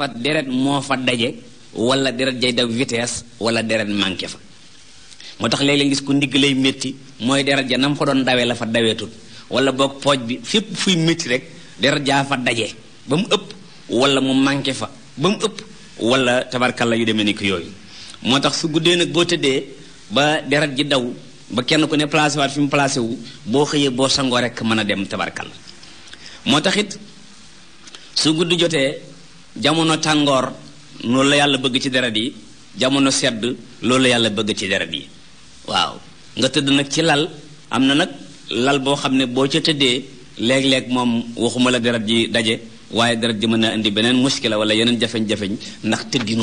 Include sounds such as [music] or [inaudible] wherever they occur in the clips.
fa deret moo fa daje wala deret jay daw vitesse wala deret manqué fa moo tax léeg-léeg gis ku ndigg lay métti mooy deret ja nam fa doon dawee la fa daweetul wala boog pooj bi fépp fuy métti rek deret jaa fa daje ba mu ëpp wala mu manqué fa ba mu ëpp wala tabarkalla yu demee ni ko yooyu moo tax su guddee nag boo tëddee ba deret ji daw ba kenn ku ne placé waat fi mu placé wu boo xëyee boo sangoo rek mën a dem tabarkalla moo tax su gudd jotee jamono tàngoor loolu la yàlla bëgg ci deret yi jamono sedd loolu la yàlla bëgg ci deret yi waaw nga tëdd nag ci lal am na nag lal boo xam ne boo ca tëddee léeg-léeg moom waxuma la deret ji daje waaye deret ji mën na indi beneen muskila wala yeneen jafeñ-jafeñ ndax tëddin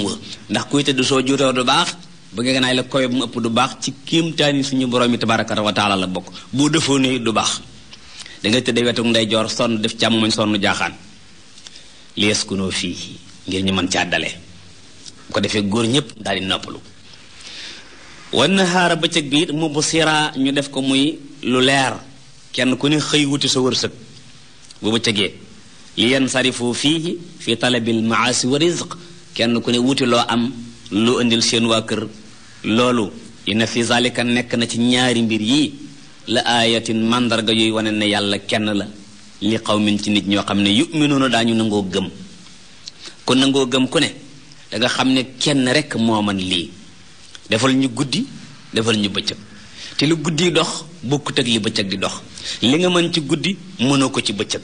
ndax kuy tëdd soo juutoo du baax ba nga gënaay la koy mu ëpp du baax ci kéemtaani suñu borom yi tabaraka wa taala la bokk boo defoo ne du baax da nga tëddee wetu ndeyjoor sonn def càmmoñ sonn jaaxaan li yaskunoo fii ngir ñu mën caa dale bu ko defee góor ñépp daal di noppalu wan nahaara bëccëg bi it mu bu siraa ñu def ko muy lu leer kenn ku ne xëy wuti sa wërsëg bu bëccëgee li yansarifu fii fi talabil maasi wa rizq kenn ku ne wuti loo am lu indil seen waa kër loolu inna fi zalika nekk na ci ñaari mbir yi la ayatin màndarga yuy wane ne yàlla kenn la li xawmin ci nit ñoo xam ne yuminuuna daañu nangoo gëm ku nangoo gëm ku ne danga xam ne kenn rekk moo man lii defal ñu guddi defal ñu bëccëg te lu guddi dox bokkut ak li bëccëg di dox li nga mën ci guddi mënoo ko ci bëccëg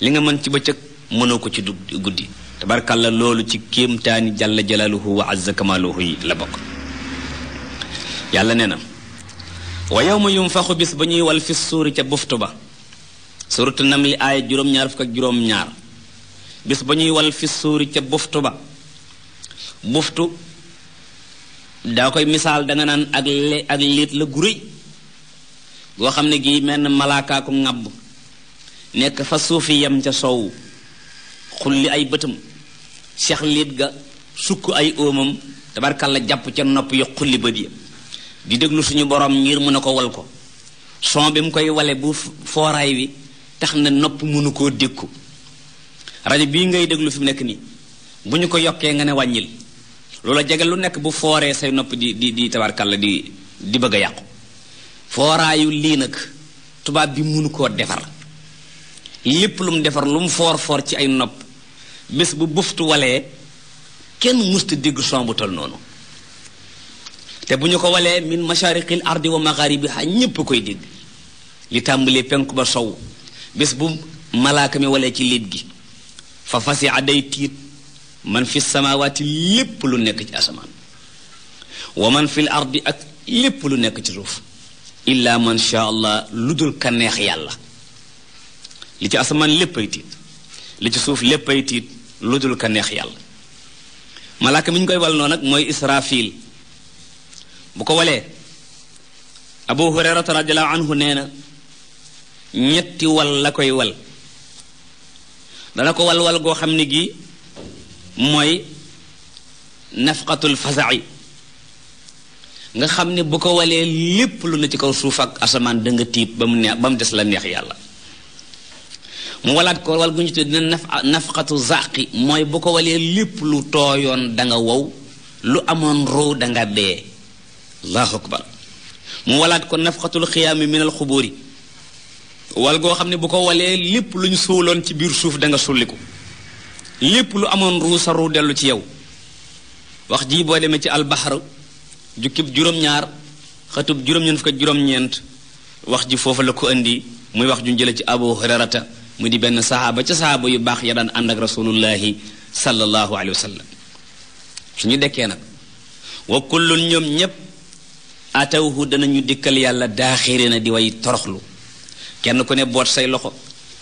li nga mën ci bëccëg mënoo ko ci guddi tabarkàlla loolu ci kéemtaani jalla jalaaluhu wa azza kamaaluhu yi la bokk yàlla nee na wa yawma yunfaxu bis ba ñuy wal fi suuri ca buftu ba suratu namli aaya juróom-ñaar fukk ak juróom-ñaar bis ba ñuy wal fi suuri ca buftu ba buftu daa koy misaal danga naan ak le ak liit la gu goo xam ne gii menn malaakaa ko ŋàbb nekk fa suufi yam ca soow xulli ay bëtam seex léet ga sukk ay óomam tabarkalla jàpp ca nopp yi xulli bët ya di déglu suñu borom ngir mën a ko wal ko son bi mu koy wale bu fooraay wi tax na nopp mënu koo dékku rajo bii ngay déglu fi mu nekk nii bu ñu ko yokkee nga ne wàññil loola jagal lu nekk bu fooree say nopp di di di tabarkàlla di di bëgg a yàqu fooraayu lii nag tubaab bi mënu koo defar lépp lu mu defar lu mu foor foor ci ay nopp bés bu buftu walee kenn musta dégg son noonu te bu ñu ko walee min mashariqil ardi bi magharibiha ñépp koy dégg li tàmbalee penku ba sow bis bu malaaka mi ci liit gi fa fasi'a day tiit man fi samaawaati lépp lu nekk ci asamaan wa man fi ardi ak lépp lu nekk ci suuf illaa man sha allah lu dul kaneex yàlla li ci asamaan lépp ay tiit li ci suuf lépp ay tiit lu dul kaneex yàlla malaaka mi ñu koy wal noonu nag mooy israfil bu ko walee abu hurayrata radiallahu anhu nee ñetti wal la koy wal dana ko wal wal goo xam ne gi mooy nafqatul fasa'i nga xam ne bu ko walee lépp lu ne ci kaw suuf ak asamaan danga nga ba mu neex ba mu des la neex yàlla mu walaat ko wal gu ñu tuddee dina zaqi mooy bu ko walee lépp lu tooyoon da wow lu amoon roo da nga dee allahu akbar mu walaat ko nafqatul xiyaami minal xuburi wal goo xam ne bu ko walee lépp lu ñu suuloon ci biir suuf danga nga sulliku lépp lu amoon ruu sa ruu dellu ci yow wax jii boo demee ci albaxar jukkib juróom-ñaar xëtub juróom-ñeent wax ji foofu la ko indi muy wax juñ jële ci abu hurairata mu di benn saxaaba ca saxaaba yu baax ya daan ànd ak rasulullahi sallallahu alayhi wa sallam ñu dekkee nag wa kullun ñoom ñépp atawhu ñu dikkal yàlla na di way toroxlu kenn ku ne boot say loxo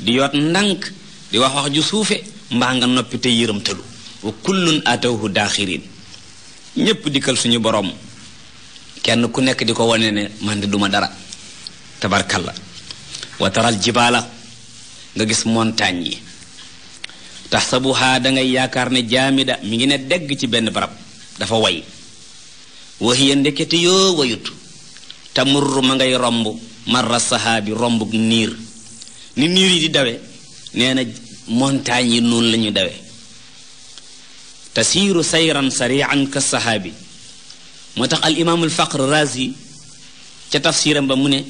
di yoot ndànk di wax wax ju suufe mbaa nga noppi te yërëmtalu wa kullun atawhu daaxirin ñépp dikkal suñu borom kenn ku nekk di ko wane ne man de duma dara tabarkalla la taral jibaala nga gis montagne yi tax sa taxsabuhaa dangay yaakaar ne jaamida mi ngi ne degg ci benn barab dafa way wahiya ndekete yoo wayut tamurru ma ngay romb marra sahaabi rombug niir ni niir yi di dawe nee na montagne yi noonu la dawe tasiiru sayran sarian ka sahaabi moo tax al imaamul faqr razi ca tafsiram ba mu ne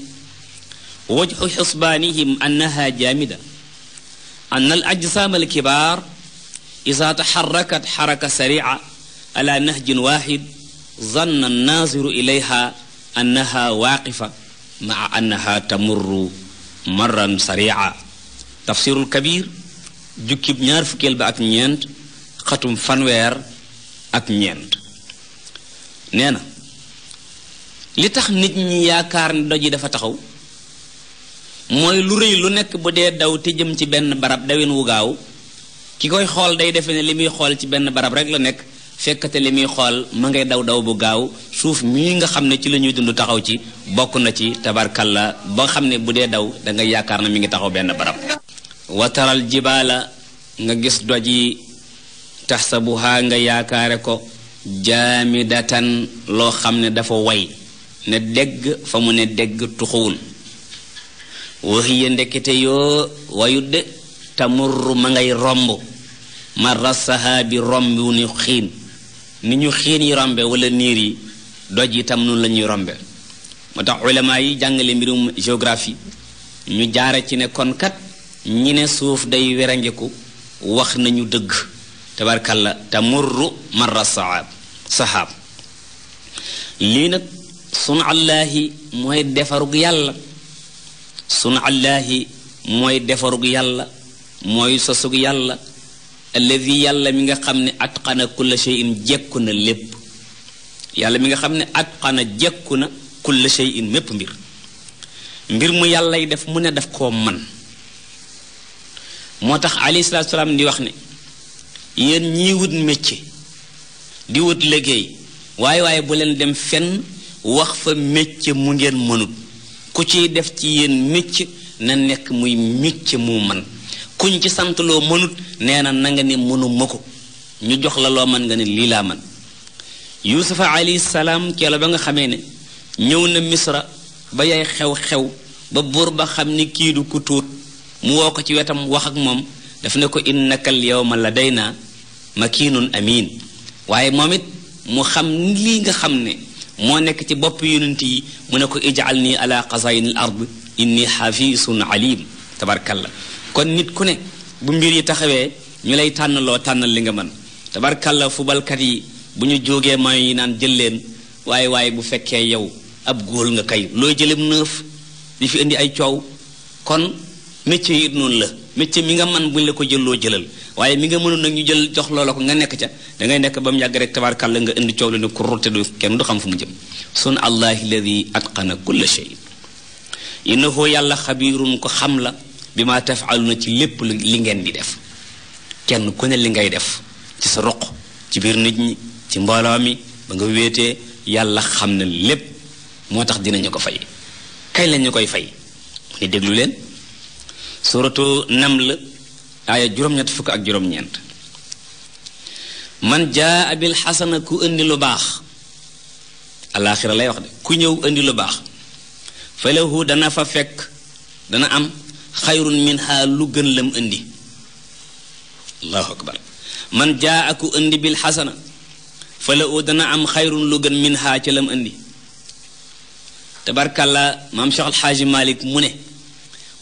wajhu xusbaanihim annaha jaamida an al ajsaam ida taxarakat xaraka sarica ala nahjin waaxid zanna annaasiru ilayha annaha waaqifa maa annaha tamurru marran saria tafsirul kabir jukkib ñaar fukkeel ba ak ñeent xatum fanweer ak ñeent nee na li tax nit ñi yaakaar ne doj yi dafa taxaw mooy lu rëy lu nekk bu dee daw te jëm ci benn barab dawin wu gaaw ki koy xool day defe ne li muy xool ci benn barab rek la nekk fekkate li muy xool ma ngay daw daw bu gaaw suuf mii nga xam ne ci lañuy dund taxaw ci bokk na ci tabarkal la ba xam ne bu dee daw dangay yaakaar na mi ngi taxaw benn barab wataral jibaala nga gis doj yi taxsabuhaa nga yaakaare ko jaamidatan loo xam ne dafa way ne dégg fa mu ne dégg tuxuwul waxiya ndekkite yoo wayut de tamurru ma ngay romb ma rasahaa bi romb wu xiin ni ñu xiin yi rombe wala niir yi doj itam noonu la ñuy rombe moo tax ulama yi jàngale mbirum géographie ñu jaare ci ne kon kat ñi ne suuf day werangeku wax nañu dëgg tabarkalla tamurru marra saab sahaab lii nag sunallaahi mooy defarug yàlla sunallaahi mooy defarug yàlla mooy sosug yàlla alladi yàlla mi nga xam ne atqana kulla shay'in jekku na lépp yàlla mi nga xam ne xana jekku na kulla shay'in mépp mbir mbir mu yàllay def mu ne daf koo man moo tax alayhi salaatu salaam di wax ne yéen ñii wut métier di wut liggéey waaye waaye bu leen dem fenn wax fa métier mu ngeen mënut ku ciy def ci yéen métier na nekk muy métier mu man kuñ ci sant loo mënut nee na nanga ni mënuma mënu ko ñu jox laloo man nga ne lii laa man yuusufa alayhi salaam keela ba nga xamee ne ñëw na misra ba yay xew-xew ba buur ba xam ni kiidu du ku tuut mu woo ko ci wetam wax ak moom def ne ko innaka al yawma ladayna makiinun amiin waaye moom it mu xam lii nga xam ne moo nekk ci bopp yonent yi mu ne ko ij'alni ala xazaayinil ard inni xafisun alim tabarkalla kon nit ku ne bu mbir yi taxawee ñu lay tànnaloo tànnal li nga mën tabarkàlla fubalkat yi bu ñu jógee mayo yi naan jël leen waaye waaye bu fekkee yow ab góol nga kay looy jëlem neuf di fi indi ay coow kon métier yi noonu la métier mi nga man buñ la ko jël loo jëlal waaye mi nga mënoon nag ñu jël jox loola ko nga nekk ca dangay nekk ba mu yàgg rek la nga indi coow lu ne ku rote du kenn du xam fu mu jëm sun allahi alladi atqana kulla shay innahu yàlla xabiirun ko xam la bi ma tafaaluna ci lépp li ngeen di def kenn ku ne li ngay def ci sa ruq ci biir nit ñi ci mbooloo mi ba nga wéetee yàlla xam na lépp moo tax dinañu ko fay kay lañu koy fay mu déglu leen suratu naml aaya juróom-ñett fukk ak juróom man jaa abil xasana ku indi lu baax alaaxira lay wax de ku ñëw indi lu baax falahu dana fa fekk dana am xayrun min haa lu gën lam indi allahu mu ne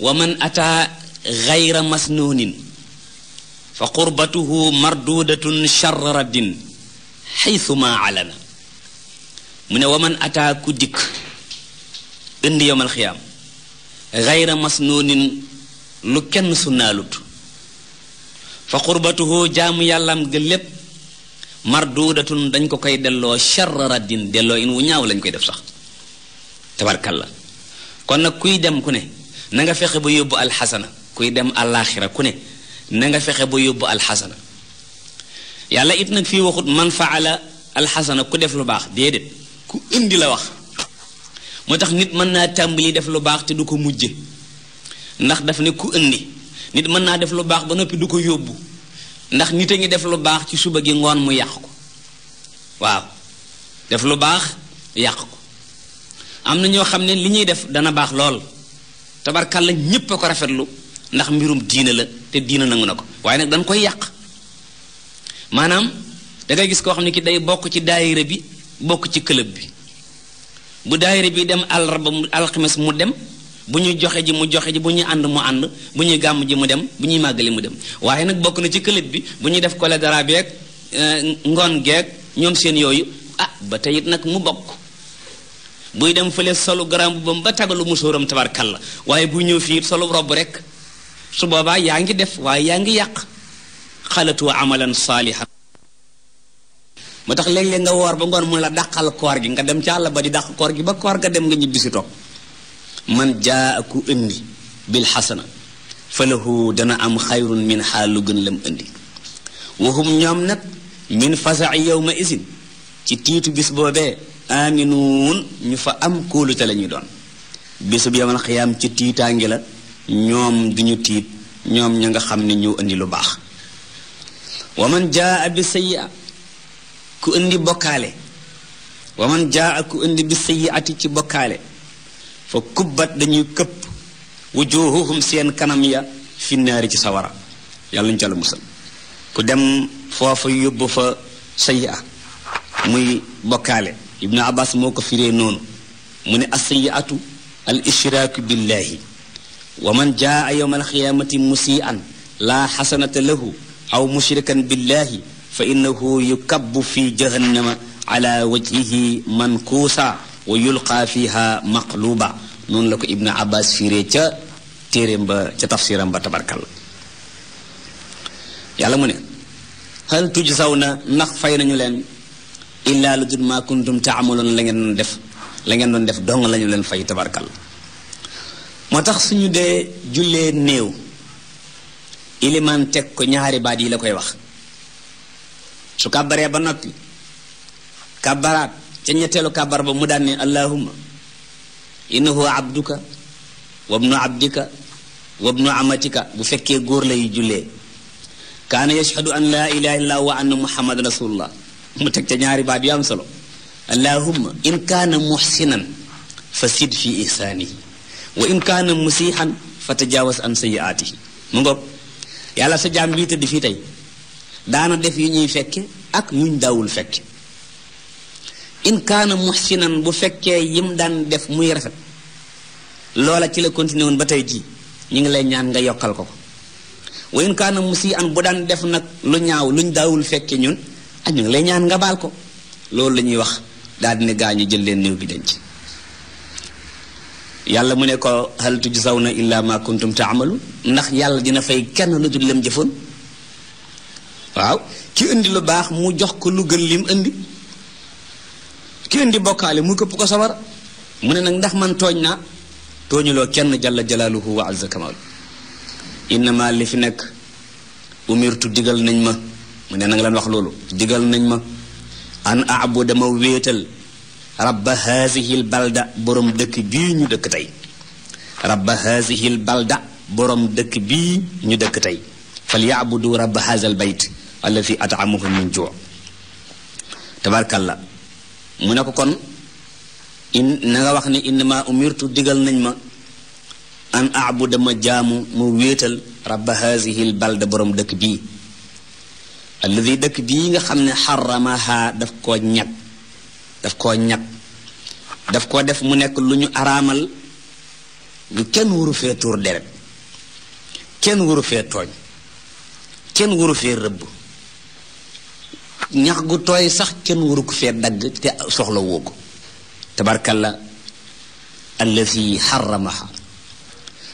wa man ataa xayra masnuunin fa qurbatuhu marduudatun charra raddin xaytuma alana mu ne wa man ataa ku dikk indi yowmal xiyaam gayra masnuunin lu kenn sunnaalut fa xurbatuhu jaamu yàllaam ga lépp marduudatun dañ ko koy delloo charra raddin delloo in wu ñaaw lañ koy def sax tabarkalla kon nag kuy dem ku ne na nga fexe ba yóbbu alxasana kuy dem àllaaxira ku ne na nga fexe ba yóbbu alxasana yàlla it nag fii waxut man faala alxasana ku def lu baax déedéet ku indi la wax moo tax nit mën naa tàmbali def lu baax te du ko mujj ndax dafa ne ku ëndi nit mën naa def lu baax ba noppi du ko yóbbu ndax nit a ngi def lu baax ci suba gi ngoon mu yàq ko waaw def lu baax yàq ko am na ñoo xam ne li ñuy def dana baax lool tabarkàlla ñépp a ko rafetlu ndax mbirum diina la te diina nangu na ko waaye nag dañ koy yàq maanaam da gis koo xam ne ki day bokk ci daayira bi bokk ci këlëb bi bu daayira bi dem àllarba mu mu dem bu ñuy joxe ji mu joxe ji bu ñuy ànd mu ànd bu ñu gàmm ji mu dem bu ñuy màggali mu dem waaye nag bokk na ci këlëb bi bu ñuy def kole dara beeg eh, ngoon geek ñoom seen yooyu ah ba tey it nag mu bokk buy dem fële solu garam bu bam ba tagalu musóoram la waaye bu ñëw fii solu robb rek su boobaa yaa ngi def waaye yaa ngi yàq xalatu amalan saalihan moo tax léeg nga woor ba ngoon mun la dàqal koor gi nga dem ci àll ba di dàq koor gi ba koor ga dem nga ñibbisi toog man jaa ku indi bil xasana falahu dana am xayrun min xaa lu gën lam indi waxum ñoom nag min yow ma isin ci tiitu bis boobee aminuun ñu fa am kóolute lañuy ñuy doon bisub yamal xiyaam ci tiitaangi la ñoom duñu tiit ñoom ñu nga xam ne ñëw indi lu baax wa man jaa bi sayyi'a ku indi bokkaale wa man jaa ku indi bi sayyi'ati ci bokkaale fa kubbat dañuy këpp wujuhuhum seen kanam ya fi naari ci sawara yàlla ñu ca musal ku dem foofa yóbbu fa sayyi'a muy bokkaale ibnu abbas moo ko firee noonu mu ne as-sayyi'atu al ishraaku billahi wa man jaa yawma alxiyaamati musii'an laa xasanata lahu aw mushrikan billahi fa innahu yukabbu fi jahannama ala wajhihi mankuusa wa yulqaa fiha maqluuba noonu la ko ibnu abbas firee ca téeréem ba ca tafsiram ba tabarkal yàlla mu ne hal tujsawna ndax fay nañu leen illaa lu dul maa kuntum taamaloon la ngeen doon def la ngeen doon def dong lañu leen fay tabarkal moo tax suñu dee jullee néew ilimaan teg ko ñaari baat yi la koy wax su kàbbaree ba noppi kàbbaraat ca ñetteelu kàbbar ba mu daan ne allahumma innahu abduka wabnu abdika wabnu amatika bu fekkee góor lay jullee kaan yashhadu an laa ilaha illa wa anna muhammadan mu teg ca ñaari baat yu am solo allahumma in kaana muhsinan fa sid fi ihsaanihi wa in kaana musiihan fa tajaawaz an sayyi'aatihi mu ngoog yàlla sa jaam bii tëdd fii tey daana def yi ñuy fekke ak yuñ daawul fekke in kaana muhsinan bu fekkee yim daan def muy rafet loola ci la continué woon ba tey jii ñu ngi lay ñaan nga yokkal ko ko wa in kaana musian bu daan def nag lu ñaaw luñ daawul fekke ñun ak ah, ñu ngi lay ñaan nga baal ko loolu la ñuy wax daal dina gaañu jël leen néew bi denc yàlla mu ne ko hal tujzawna illa ma ta taamalu ndax yàlla dina fay kenn lu dul jëfoon waaw ki indi lu baax mu jox ko lu gën lim indi ki indi bokkaale mu këpp ko sawar mu ne nag ndax man tooñ naa tooñuloo kenn jalla jalaaluhu wa azza kamalu innama li fi nekk umirtu digal nañ ma mu ne na nga leen wax loolu digal nañ ma an abu dama wéetal rabba haasihil balda borom dëkk bii ñu dëkk tey rabba haasihil balda borom dëkk bii ñu dëkk tey fal yaabudu rabba haasal bayt allazi at'amahum min ju' tabarkalla mu ne ko kon in na nga wax ne innama umirtu digal nañ ma an abuda ma jaamu mu wéetal rabba haazihil balda borom dëkk bii alladi dëkk bii nga xam ne xaramaha daf koo ñag daf koo ñag daf koo def mu nekk lu ñu araamal lu kenn waru fee tuur deret kenn waru fee tooñ kenn waru fee rëbb ñax gu tooy sax kenn waru ko fee dagg te soxla woo ko tabarkalla allazi xaramaha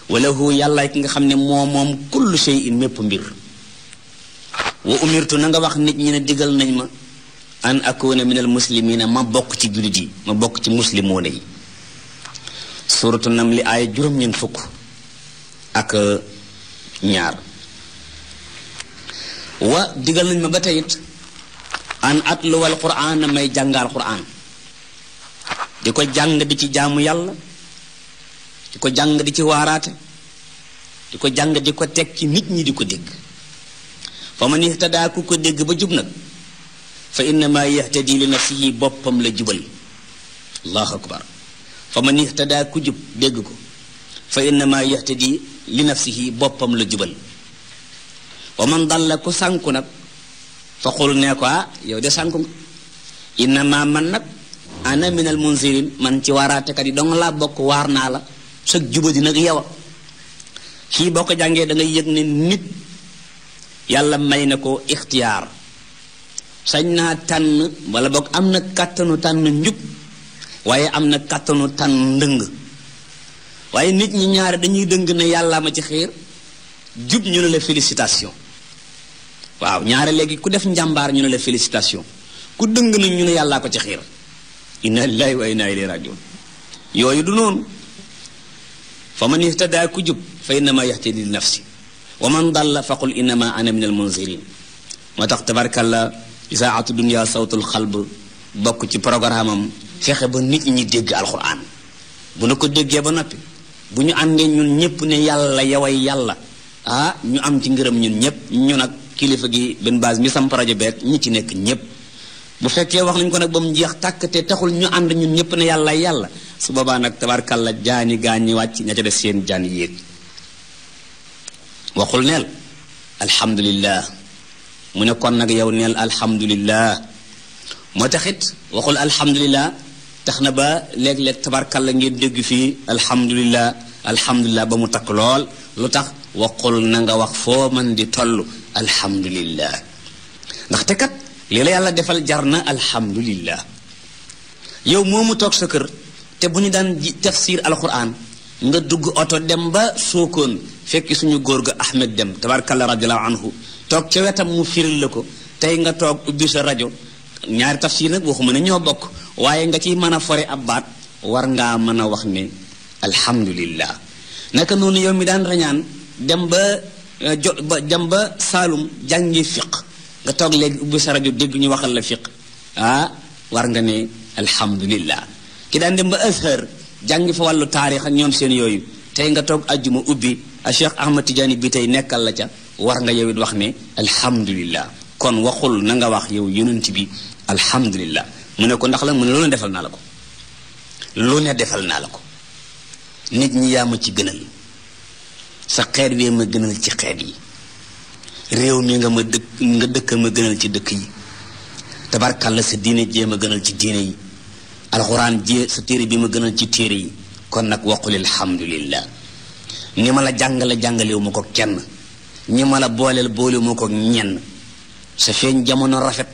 walahu yàlla ki nga xam ne moo moom kullu shay'in mépp mbir wa umirtu na nga wax nit ñi ne digal nañ ma an akuna min al muslimina ma bokk ci jullit yi ma bokk ci muslimoona yi suratu nam li aaya juróom-ñeent fukk ak ñaar wa digal nañ ma ba tey an atluwal quraan may jàngal quraan di ko jàng di ci jaamu yàlla di ko jàng di ci waaraate di ko jàng di ko teg ci nit ñi di ko dégg fa man ihtadaa ku ko dégg ba jub nag fa innama yahtadi li nafsihi boppam la jubal allahu akbar fa man ihtadaa ku jub dégg ko fa innama di li nafsihi boppam la jubal wa man dalla ku sànku nag fa ne ko ah, yow de sànku nga innama man nag ana minal munzirin man ci waaraatekat yi dong laa bokk waar naa la sa jubadi nag yow fii boo ko jàngee da yëg ne nit yàlla may na ko ixtiyaar sañ naa tànn walla boog am na kàttanu tànn njub waaye am na kàttanu tànn ndëng waaye nit ñi ñaari dañuy dëng ne yàllaa ma ci xiir jub ñu ne la félicitation waaw ñaare léegi ku def njàmbaar ñu ne la félicitation ku dëng na ñu ne yàllaa ko ci xiir inna lillahi wa inna ilayhi rajiun yooyu du noonu fa man ihtada ku jub fa innama yahtadi li nafsi wa man dalla fa qul innama ana min al moo tax tabarkalla isaatu dunia sawtul xalb bokk ci programme fexe ba nit ñi dégg alquran bu na ko déggee ba noppi bu ñu àndee ñun ñépp ne yàlla yaway yàlla ah ñu am ci ngërëm ñun ñépp ñu nag kilifa gi benn base mi samp rajo beeg ñi ci nekk ñëpp bu fekkee wax nañ ko nag ba mu jeex tàkk te taxul ñu ànd ñun ñëpp na yàlla yàlla su boobaa nag tabarkal la jaani gaañ ñi wàcc ña ca def seen jaan yéeg waxul neel alhamdulillah mu ne kon nag yow neel alhamdulillah moo taxit waxul alhamdulillah tax na ba léeg tabarkal la ngeen dégg fii alhamdulillah alhamdulillah ba mu takk lool lu tax waxul na nga wax foo man di tollu alhamdulillah ndaxte kat lii la yàlla defal jar na alhamdulillah yow moomu toog sa kër te bu ñu daan tafsir alquran nga dugg oto dem ba soo sookoon fekk suñu góor ga Ahmed dem tabarakalla radiallahu anhu toog ca wetam mu firil la ko tey nga toog ubbi sa rajo ñaari tafsir nag boo waxuma ne ñoo bokk waaye nga ciy mën a fore ab baat war ngaa mën a wax ne alhamdulillah naka noonu yow mi daan rañaan dem ba jo ba jam ba Saalum jàngi fiq nga toog léegi ubbi sa rajo dégg ñu waxal la fiq ah war nga ne alhamdulillah ki daan dem ba Azhar jàngi fa wàllu taarix ak ñoom seen yooyu tey nga toog ajjuma ubbi a Cheikh Ahmad Tidiane bi tey nekkal la ca war nga yow it wax ne alhamdulillah kon waxul na nga wax yow yonent bi alhamdulillah mu ne ko ndax la mu ne lu ne defal naa la ko lu ne defal naa la ko nit ñi yaa ma ci gënal sa xeet wee ma gënal ci xeet yi réew mi nga ma dëkk nga dëkk ma gënal ci dëkk yi tabarkàlla sa diine jee ma gënal ci diine yi alxuraan jee sa téere bi ma gënal ci téere yi kon nag waqul alhamdulillah ni ma la jàngale jàngalewuma ko kenn ñi ma la booleel boolewu ma ko ñenn sa feeñ jamono rafet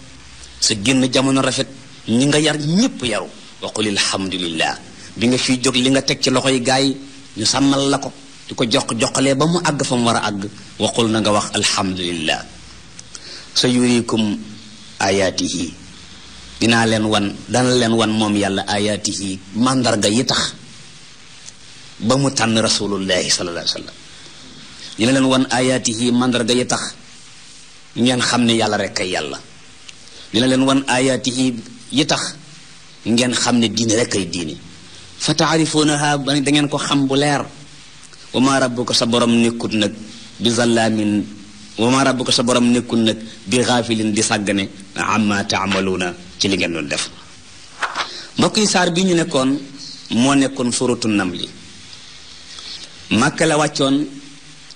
sa génn jamono rafet ñi nga yar ñépp yaru waqul alhamdulillah bi nga fiy jóg li nga teg ci loxo loxoy gaay ñu sàmmal la ko di ko jox joxalee ba mu àgg fa mu war a àgg waxul na nga wax alhamdulillah sa yurikum ayaatihi dinaa leen wan dana leen wan moom yàlla ayaatihi màndarga yi tax ba mu tànn rasulullahi sallallahu alayhi wa sallam dina leen wan ayaatihi màndarga yi tax ngeen xam ne yàlla rekk ay yàlla dina leen wan ayaatihi yi tax ngeen xam ne diine rekk ay diine fa taarifunaha da ngeen ko xam bu leer wama rabbuka sa borom nekkut nag bi zallaamin wama rabbuka sa borom nekkut nag bi xaafilin di sàggane amma taamaluuna ci li ngeen doon saar bi ñu nekkoon moo nekkoon suratu namli màkka la wàccoon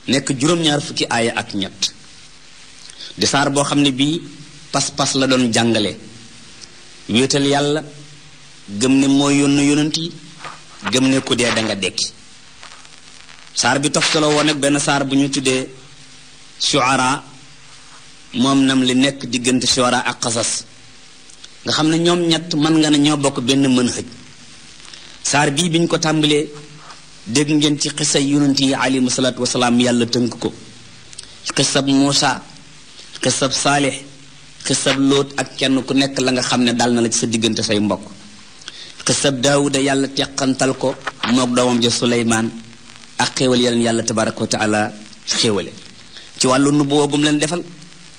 nekk juróom-ñaar fukki aaya ak ñett di saar boo xam ne bii pas-pas la doon jàngale wéetal yàlla gëm ne mooy yónn yónant gëm ne ku dee da nga dekki saar bi toftaloo woon ak benn saar bu ñu tuddee shuara moom nam li nekk diggante shuara ak xasas nga xam ne ñoom ñett mën nga ne ñoo bokk benn mën xëj saar bii biñ ko tàmbalee dégg ngeen ci xisa yonent yi alayhi salaatu wasalaam yàlla tënk ko xisab Muusa xisab Saalix xisab Lóot ak kenn ku nekk la nga xam ne dal na la ci sa diggante say mbokk xisab Daawuda yàlla teqantal ko mook doomam ja Suleymaan ak xéewal yaleen yàlla tabaraka wa taala xéewale ci wàllu nubuwa gum leen defal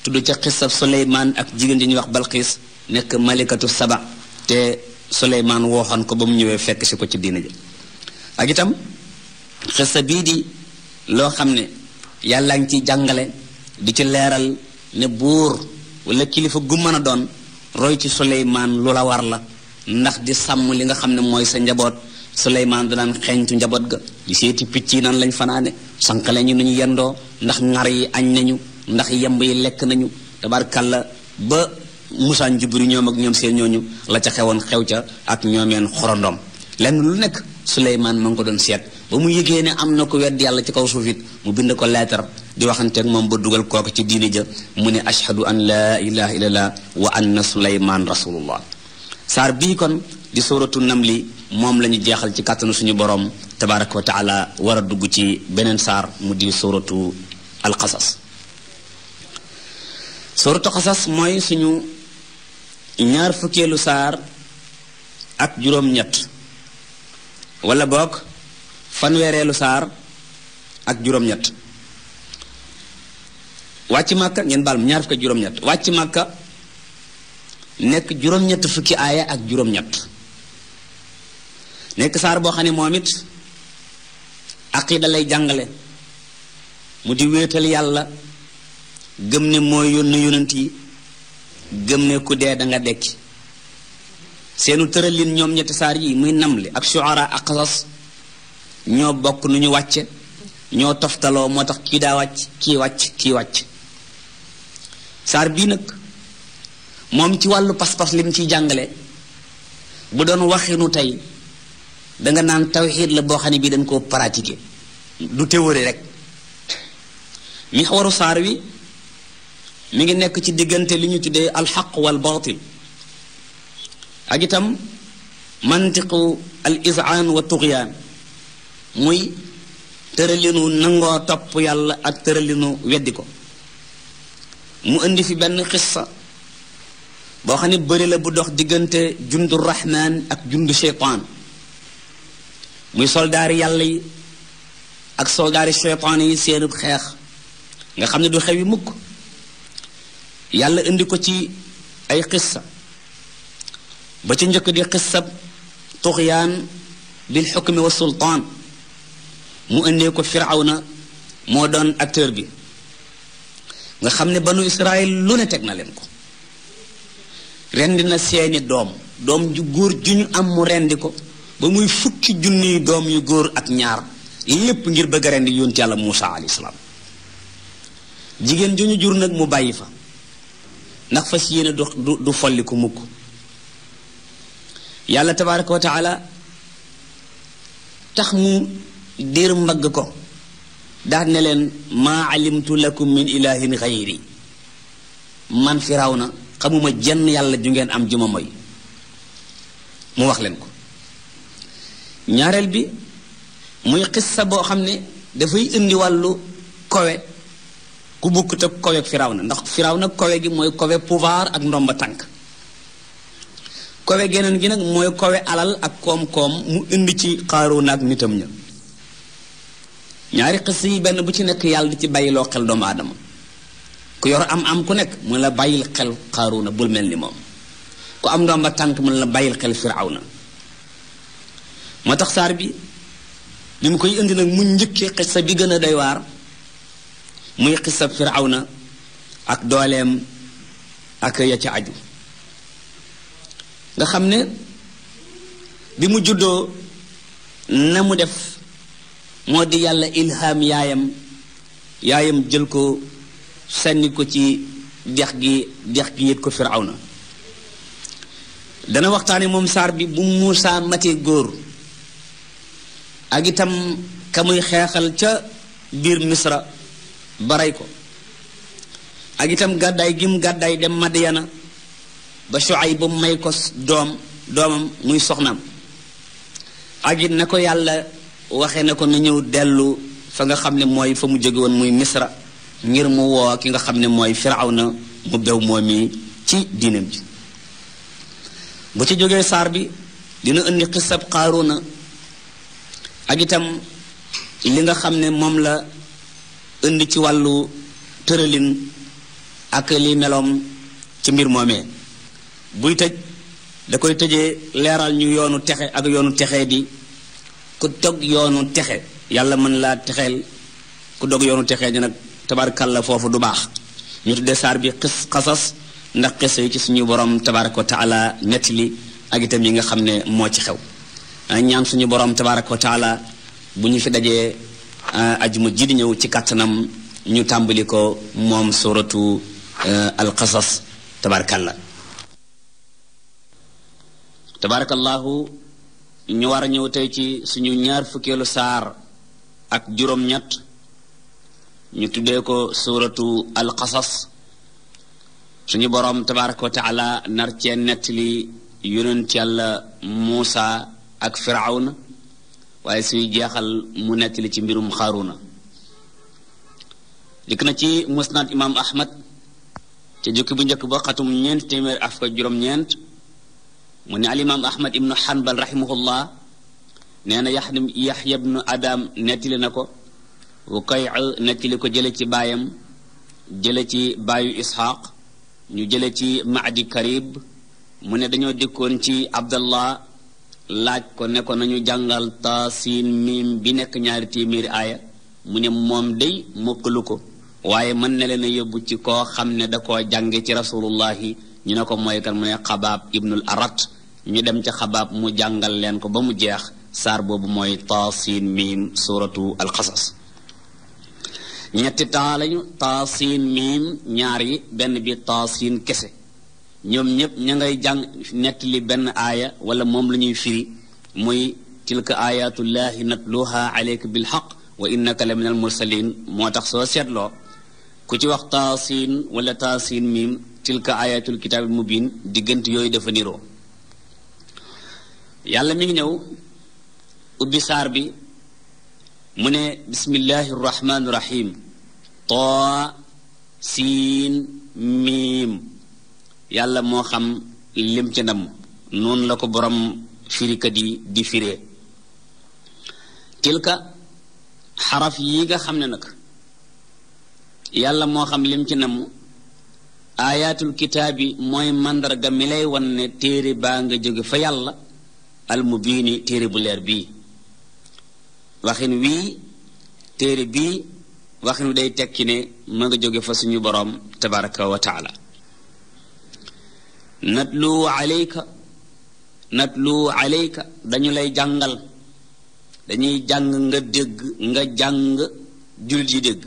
tudd ca xisab Suleymaan ak jigéen ji ñuy wax Balxiis nekk malikatu saba te Suleymaan wooxoon ko ba mu ñëwee fekk si ko ci diina ji ak itam sa bii di loo xam ne yàllaa ngi ciy jàngale di ci leeral ne buur walla kilifa gu mën a doon roy ci Suleymaan lu la war la ndax di sàmm li nga xam ne mooy sa njaboot Suleymaan danaan xeeñtu njaboot ga di seeti picc yi nan lañ fanaane sanqale ñu nu ñu yendoo ndax ŋar yi añ nañu ndax yemb yi lekk nañu tabarkalla ba Musaa yi ñoom ak ñoom seen ñooñu la ca xewoon xew ca ak ñoomeen xorondoom lenn lu nekk Suleymaan ma ngi ko doon seet ba mu yëgee ne am na ko wedd yàlla ci kaw suuf mu bind ko leetar di waxanteeg moom ba dugal kooku ci diini ja mu ne ashhadu an laa ilaha illallah wa anna Suleymaan rasulullah saar bii di suuratu li moom la jeexal ci kàttanu suñu boroom tabaraka wa taala war a dugg ci beneen saar mu di suuratu alxasas suuratu xasas mooy suñu ñaar fukkeelu saar ak juróom wala boog fanweereelu saar ak juróom-ñett wàcc màkka ngeen baal ñaar fukki juróom-ñett wàcc màkka nekk juróom-ñett fukki aaya ak juróom-ñett nekk saar boo xam ne moom it aqida lay jàngale mu di wéetal yàlla gëm ne mooy yónni yonent yi gëm ne ku dee da dekki seenu tëralin ñoom ñetti saar yi muy namli ak shuara ak xasas ñoo bokk nu ñu wàcce ñoo toftaloo moo tax kii daa wàcc kii wàcc kii wàcc saar bii nag moom ci wàllu pas-pas lim ciy jàngale bu doon waxinu tey danga naan tawxiid la boo xam ne bii dañ koo pratiquer du théorie rek mixwaru saar wi mu ngi nekk ci diggante li ñu tuddee alxaq wal baatil ak itam mantiqu al wa tuxyaan muy tëralinu nangoo topp yàlla ak tëralinu weddi ko mu indi fi benn xissa boo xam ne bëri la bu dox diggante jundu rahmaan ak jundu sheytaan muy soldaari yàlla yi ak soldaari seytaan yi bu xeex nga xam ne du xew yi mukk yàlla indi ko ci ay xissa ba ci njëkk di xissab tuxyaan bil xukmi wa sultaan mu indee ko na moo doon acteur bi nga xam ne banu israil lu ne teg na leen ko rendi na seeni doom doom ju góor ju ñu am mu rend ko ba muy fukki junniy doom yu góor ak ñaar lépp ngir bëgg a yoon yonent yàlla Muusa alayhi salaam jigéen ju ñu jur nag mu bàyyi fa ndax fas yéene du du folliku mukk yàlla tabaaraka wa taala tax mu diir mbagg ko daal ne leen maa alimtu lakum min ilahin xayri man firaaw na xamuma jenn yàlla ju ngeen am juma moy mu wax leen ko ñaareel bi muy sa boo xam ne dafay indi wàllu kowe ku bukkut ak kowe firaw na ndax firaw na kowe gi mooy kowe pouvoir ak ndomba tànk kowe geneen gi nag mooy kowe alal ak koom-koom mu indi ci Qaaruun ak nitam ña ñaari xis yi benn bu ci nekk yàlla di ci bàyyiloo xel doomu aadama ku yor am am ku nekk mun la bàyyil xel Qaaruuna bul mel ni moom ku am ndomba tànk mun la bàyyil xel na moo tax saar bi li mu koy indi nag mu njëkkee xissa bi gën a doy waar muy xissa na ak dooleem ak ya ca aju nga xam ne bi mu juddoo na mu def moo di yàlla ilham yaayam yaayam jël ko sànni ko ci dex gi dex gi yët ko na dana waxtaane moom saar bi bu muusaa matee góor ak itam ka muy xeexal ca biir misra baray ko ak itam gàddaay gi mu gàddaay dem Madyana ba ay bu may ko doom doomam muy soxnaam ak it na ko yàlla waxee na ko na ñëw dellu fa nga xam ne mooy fa mu jóge woon muy misra ngir mu woo ki nga xam ne mooy na mu bew moomi ci diinam ji bu ci jógee saar bi dina indi xisab Qaaruna ak itam li nga xam ne moom la indi ci wàllu tëralin ak li meloom ci mbir moomee buy tëj da koy tëjee leeral ñu yoonu texe ak yoonu texee di ku dog yoonu texe yàlla mën laa texeel ku dog yoonu texe di nag la foofu du baax ñu tuddee saar bi xis xasas ndax xis yi ci suñu borom tabaraka wa taala ñetti li ak itam yi nga xam ne moo ci xew Eh, ñaan suñu borom tabaraka wa taala bu ñu fi dajee eh, ajuma ji di ñëw ci kàttanam ñu tàmbali ko moom suratu eh, alqasas tabarakallah tabarakallahu ñu war a ñëw tey ci suñu ñaar fukkeelu saar ak juróom-ñett ñu tuddee ko suratu alqasas suñu borom tabaraka wa taala nar cee nettali yonent yàlla Muusa ak firawna waaye suy jeexal mu nettali ci mbirum xaaruna dikk na ci musnad imam ahmad ca jukki bu njëkk ba xatum ñeent téeméer af ko juróom-ñeent mu ne al imam ahmad ibnu hanbal rahimahullah nee na ibnu adam nettali na ko wukay nettali ko jële ci baayam jële ci baayu isxaq ñu jële ci maadi karib mu ne dañoo dikkoon ci abdallah laaj ko ne ko nañu jàngal taasiin miim bi nekk ñaari téeméeri aaya mu ne moom day mokkalu ko waaye mën na leen a yóbbu ci koo xam ne da ko jànge ci rasulullahi ñu ne ko mooy kan mu ne xabaab ibnul arat ñu dem ci xabaab mu jàngal leen ko ba mu jeex saar boobu mooy taasiin miim suratu alxasas ñetti lañu taasiin miim ñaar yi benn bi taasiin kese ñoom ñëpp ña ngay jàng nettali benn aaya wala moom lañuy ñuy firi muy tilka ayatullahi natluha alayka bil haqq wa innaka la min al moo tax soo seetloo ku ci wax taasiin wala taasiin miim tilka ayatul kitaabil mubin diggante yooyu dafa niroo yàlla mi ngi ñëw ubbi saar bi mu ne bismillahi rahmaani rahim taasiin miim yàlla moo xam lim ci nam noonu la ko borom firikat yi di fire tilka xaraf yi nga xam ne nag yàlla moo xam lim ci ndam ayatul kitaabi mooy màndarga mi lay won ne téere baa nga jóge fa yàlla almu mubiini téere bu leer bii waxin wii téere bi waxin wi day tekki ne ma nga jóge fa suñu boroom tabaraka wa taala natlu alayka natlu dañu lay jàngal dañuy jàng nga dégg nga jàng jullit yi dégg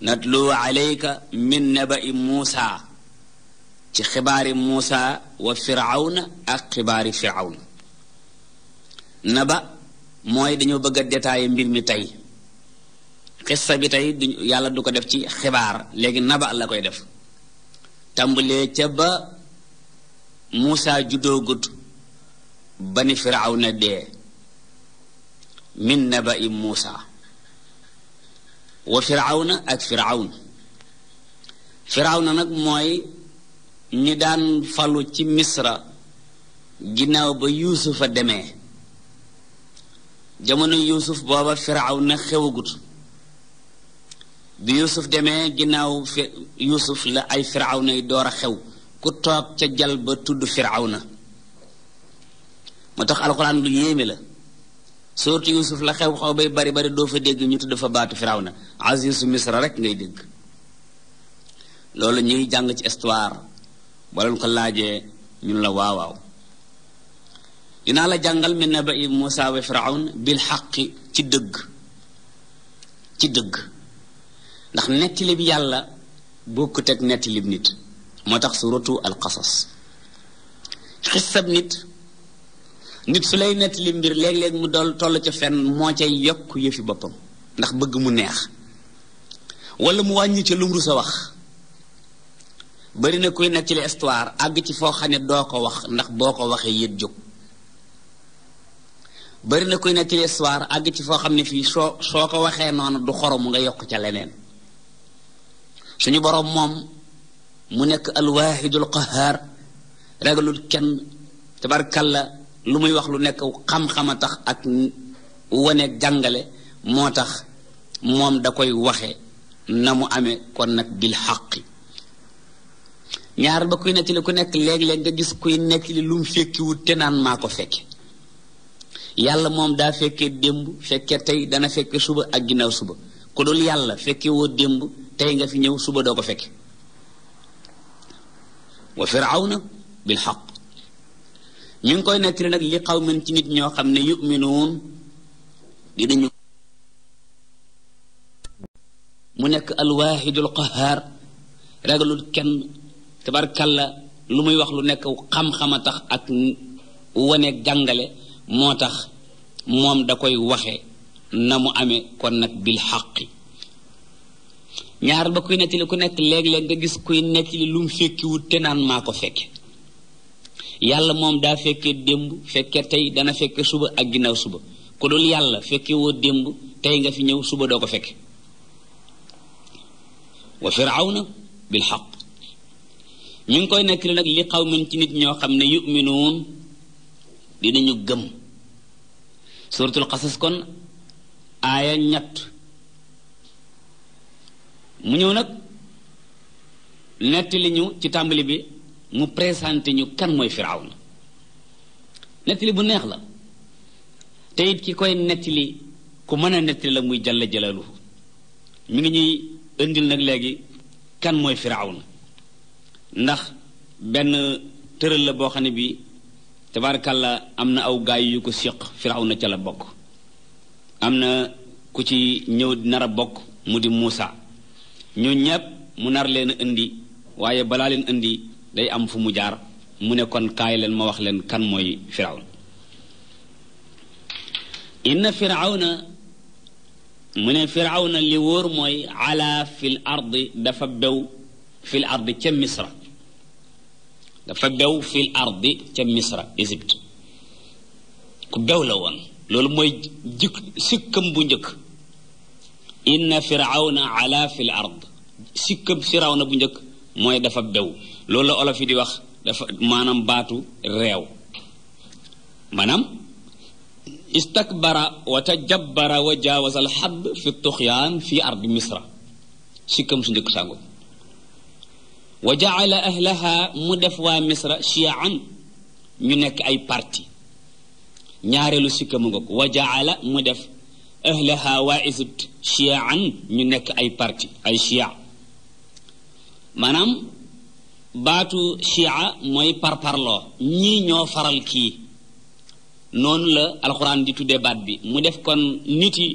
natlu alayka min naba'i muusa ci xibaari muusa wa firawna ak xibaari firawna naba mooy dañoo bëgg a détailler mbir mi tey xissa bi tey yàlla du ko def ci xibaar léegi naba la koy def tàmbalee ca ba Muusa juddoogut ba ni na dee min naba'i Muusa wa na ak Firawn na nag mooy ñi daan falu ci Misra ginnaaw ba Yuusufa demee jamono Yuusuf booba Firawna xewagut bi Yuusuf demee ginnaaw Yuusuf la ay Firawnay door a xew ku toog ca jal ba tudd na moo tax alxuraan lu yéeme la sourate Yuusuf la xew xaw bay bari bari doo fa dégg ñu tudd fa baatu firawna azizu misra rek ngay dégg loolu ñuy jàng ci histoire boo ko laajee ñun la waawaaw dinaa la jàngal min naba'i Muusaa wa Firawna bil xaqi ci dëgg ci dëgg ndax nettali bi yàlla bokkut ak nettali bi nit moo tax suratu alqasas xissab nit nit su lay nettali mbir léeg-léeg mu dool toll ca fenn moo cay yokk yëfi boppam ndax bëgg mu neex wala mu wàññi ca lum rusa wax bari na kuy nettali histoire àgg ci foo xam ne doo ko wax ndax boo ko waxee yët jóg bari na kuy nettali histoire àgg ci foo xam ne fii soo soo ko waxee noonu du xoromu nga yokk ca leneen suñu boroom moom mu nekk alwaahidul qahaar ragalul kenn la lu muy wax lu nekk xam a tax ak wane jàngale moo tax moom da koy waxe na mu amee kon nag bil xaqi ñaar ba kuy nettali ku nekk léeg-léeg nga gis kuy nettali lu mu fekkiwut te naan maa ko fekke yàlla moom daa fekkee démb fekke tey dana fekke suba ak ginnaaw suba ku dul yàlla fekke woo démb tey nga fi ñëw suba doo ko fekke wa firawna bil xaq ñu ngi koy nettali nag li xaw men ci nit ñoo xam ne yuminuun di dañu mu nekk alwaxidul qahaar ragalul kenn tabarkalla lu muy wax lu nekk xam-xama tax ak wane jàngale moo tax moom da koy waxe na mu amee kon nag bil xaqi ñaar ba kuy nettali ku nekk léeg-léeg nga gis kuy nekk lu mu fekkiwut te naan maa ko fekke yàlla moom daa fekkee démb fekkee tey dana fekke suba ak ginnaaw suba ku dul yàlla fekke woo démb tey nga fi ñëw suba doo ko fekke wa firawna bil xaq ñu ngi koy nettali nag li xawmin ci nit ñoo xam ne yuminuun dinañu gëm suratul xasas kon aaya ñett mu ñëw nag nettali ñu ci tàmbali bi mu présenté ñu kan mooy Firawna nettali bu neex la te it ki koy nettali ku mën a nettali la muy jalla jalaaluhu mu ngi ñuy indil nag léegi kan mooy na ndax benn tëral la boo xam ne bi tabaarakàlla am na aw gaay yu ko séq na ca la bokk am na ku ci ñëw nar a bokk mu di Muusa ñoo ñépp mu nar leen indi waaye balaa leen indi day am fu mu jaar mu ne kon kaay leen ma wax leen kan mooy firawn inna firawna mu ne firawna li wóor mooy ala fil ardi dafa bew fil ardi ca misra dafa bew fil ardi ca ku bew la woon loolu mooy jik sikkam bu njëkk inna firawna ala fil ard sikkab firawna bu njëkk mooy dafa bew loolu la yi di wax dafa maanaam baatu réew maanaam istakbara wa tajabbara wa jaawaza al fi tuxyaan fi ardi misra sikkam su njëkk sàngo wa jaala ahlaha mu def waa misra chiaan ñu nekk ay parti ñaareelu sikkamu nga ko wa jaala mu def ahlaha waaisu an ñu nekk ay parti ay chia maanaam baatu chia mooy par parlo ñii ñoo faral kii noonu la alxuraan di tuddee baat bi mu def kon nit yi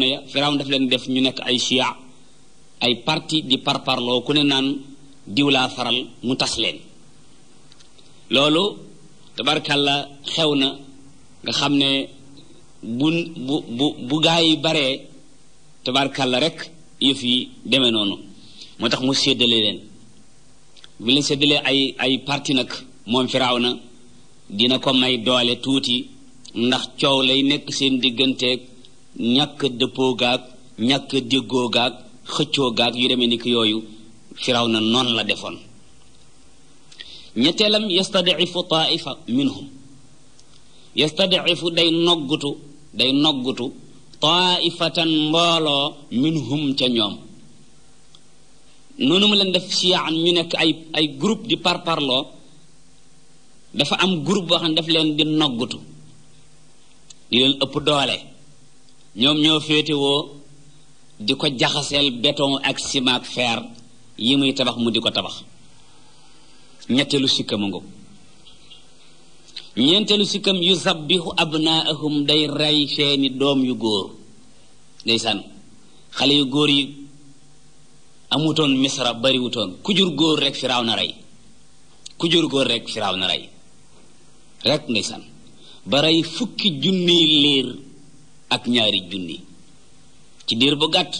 na ya firawna daf leen def ñu nekk ay chia ay parti di par parparloo ku ne naan diw laa faral mu tas leen loolu tabarkalla xew na nga xam ne bu bu bu bu gaa yi bare tabarkàlla rek yëf yi deme noonu moo tax mu séddale leen bu leen seddalee ay ay parti nag moom Firawna dina ko may doole tuuti ndax coow lay nekk seen digganteeg ñàkk dëppoo ñàkk déggoo gaag xëccoo gaag yu demee ni ki yooyu na noonu la defoon ñetteelam yastadifu taifa minhum yastadifu day noggutu day noggutu taaifatan mbooloo minhum ca ñoom noonu mu leen def siyaan ñu nekk ay ay groupe di parparloo dafa am groupe boo xam ne daf leen di noggutu di leen ëpp doole ñoom ñoo féetewoo di ko jaxaseel beton ak simaak ak fer yi muy tabax mu di ko tabax ñetteelu sikka ma ñeenteelu sikkam yu sabbihu abnaahum day rey seeni doom yu góor ndeysaan xale yu góor yi amutoon misra bariwutoon ku jur góor rek firaaw na rey ku jur góor rek firaaw na rey rek ndeysaan ba rey fukki junniy liir ak ñaari junni ci diir bu gàtt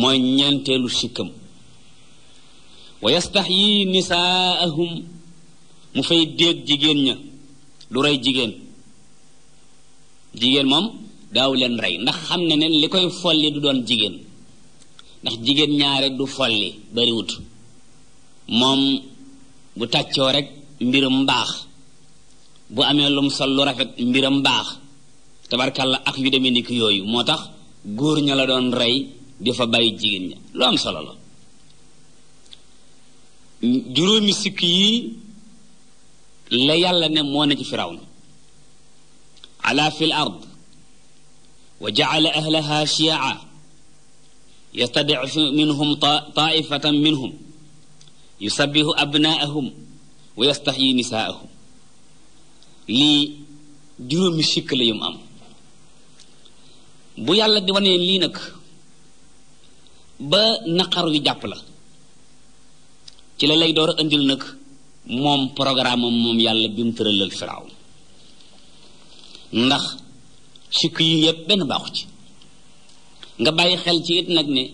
mooy ñeenteelu sikkam wa yastaxyi nisaahum mu fay déeg jigéen ña du rey jigéen jigéen moom daaw leen rey ndax xam na ne li koy folli du doon jigéen ndax jigéen ñaare du folli bariwut moom bu tàccoo rek mbiram mbaax bu amee lum sol lu rafet mbiram mbaax tabarkalla ak yu deme niki yooyu moo tax góor ña la doon rey di fa bàyyi jigéen ña lu am solo la juróomi sikk yi la yàlla ne moo na ci firawna ala fi l ard wa jacala ahlaha chiaa yastadifu minhum taifatan minhum yusabihu abnaahum wa yastaxyi nisaahum lii juróomi sikk la yum am bu yàlla di wanee lii nag ba naqar wi jàpp ci la lay door a moom programme am moom yàlla bi mu tëralal firaaw ndax sikk yi yëpp benn baaxu ci nga bàyyi xel ci it nag ne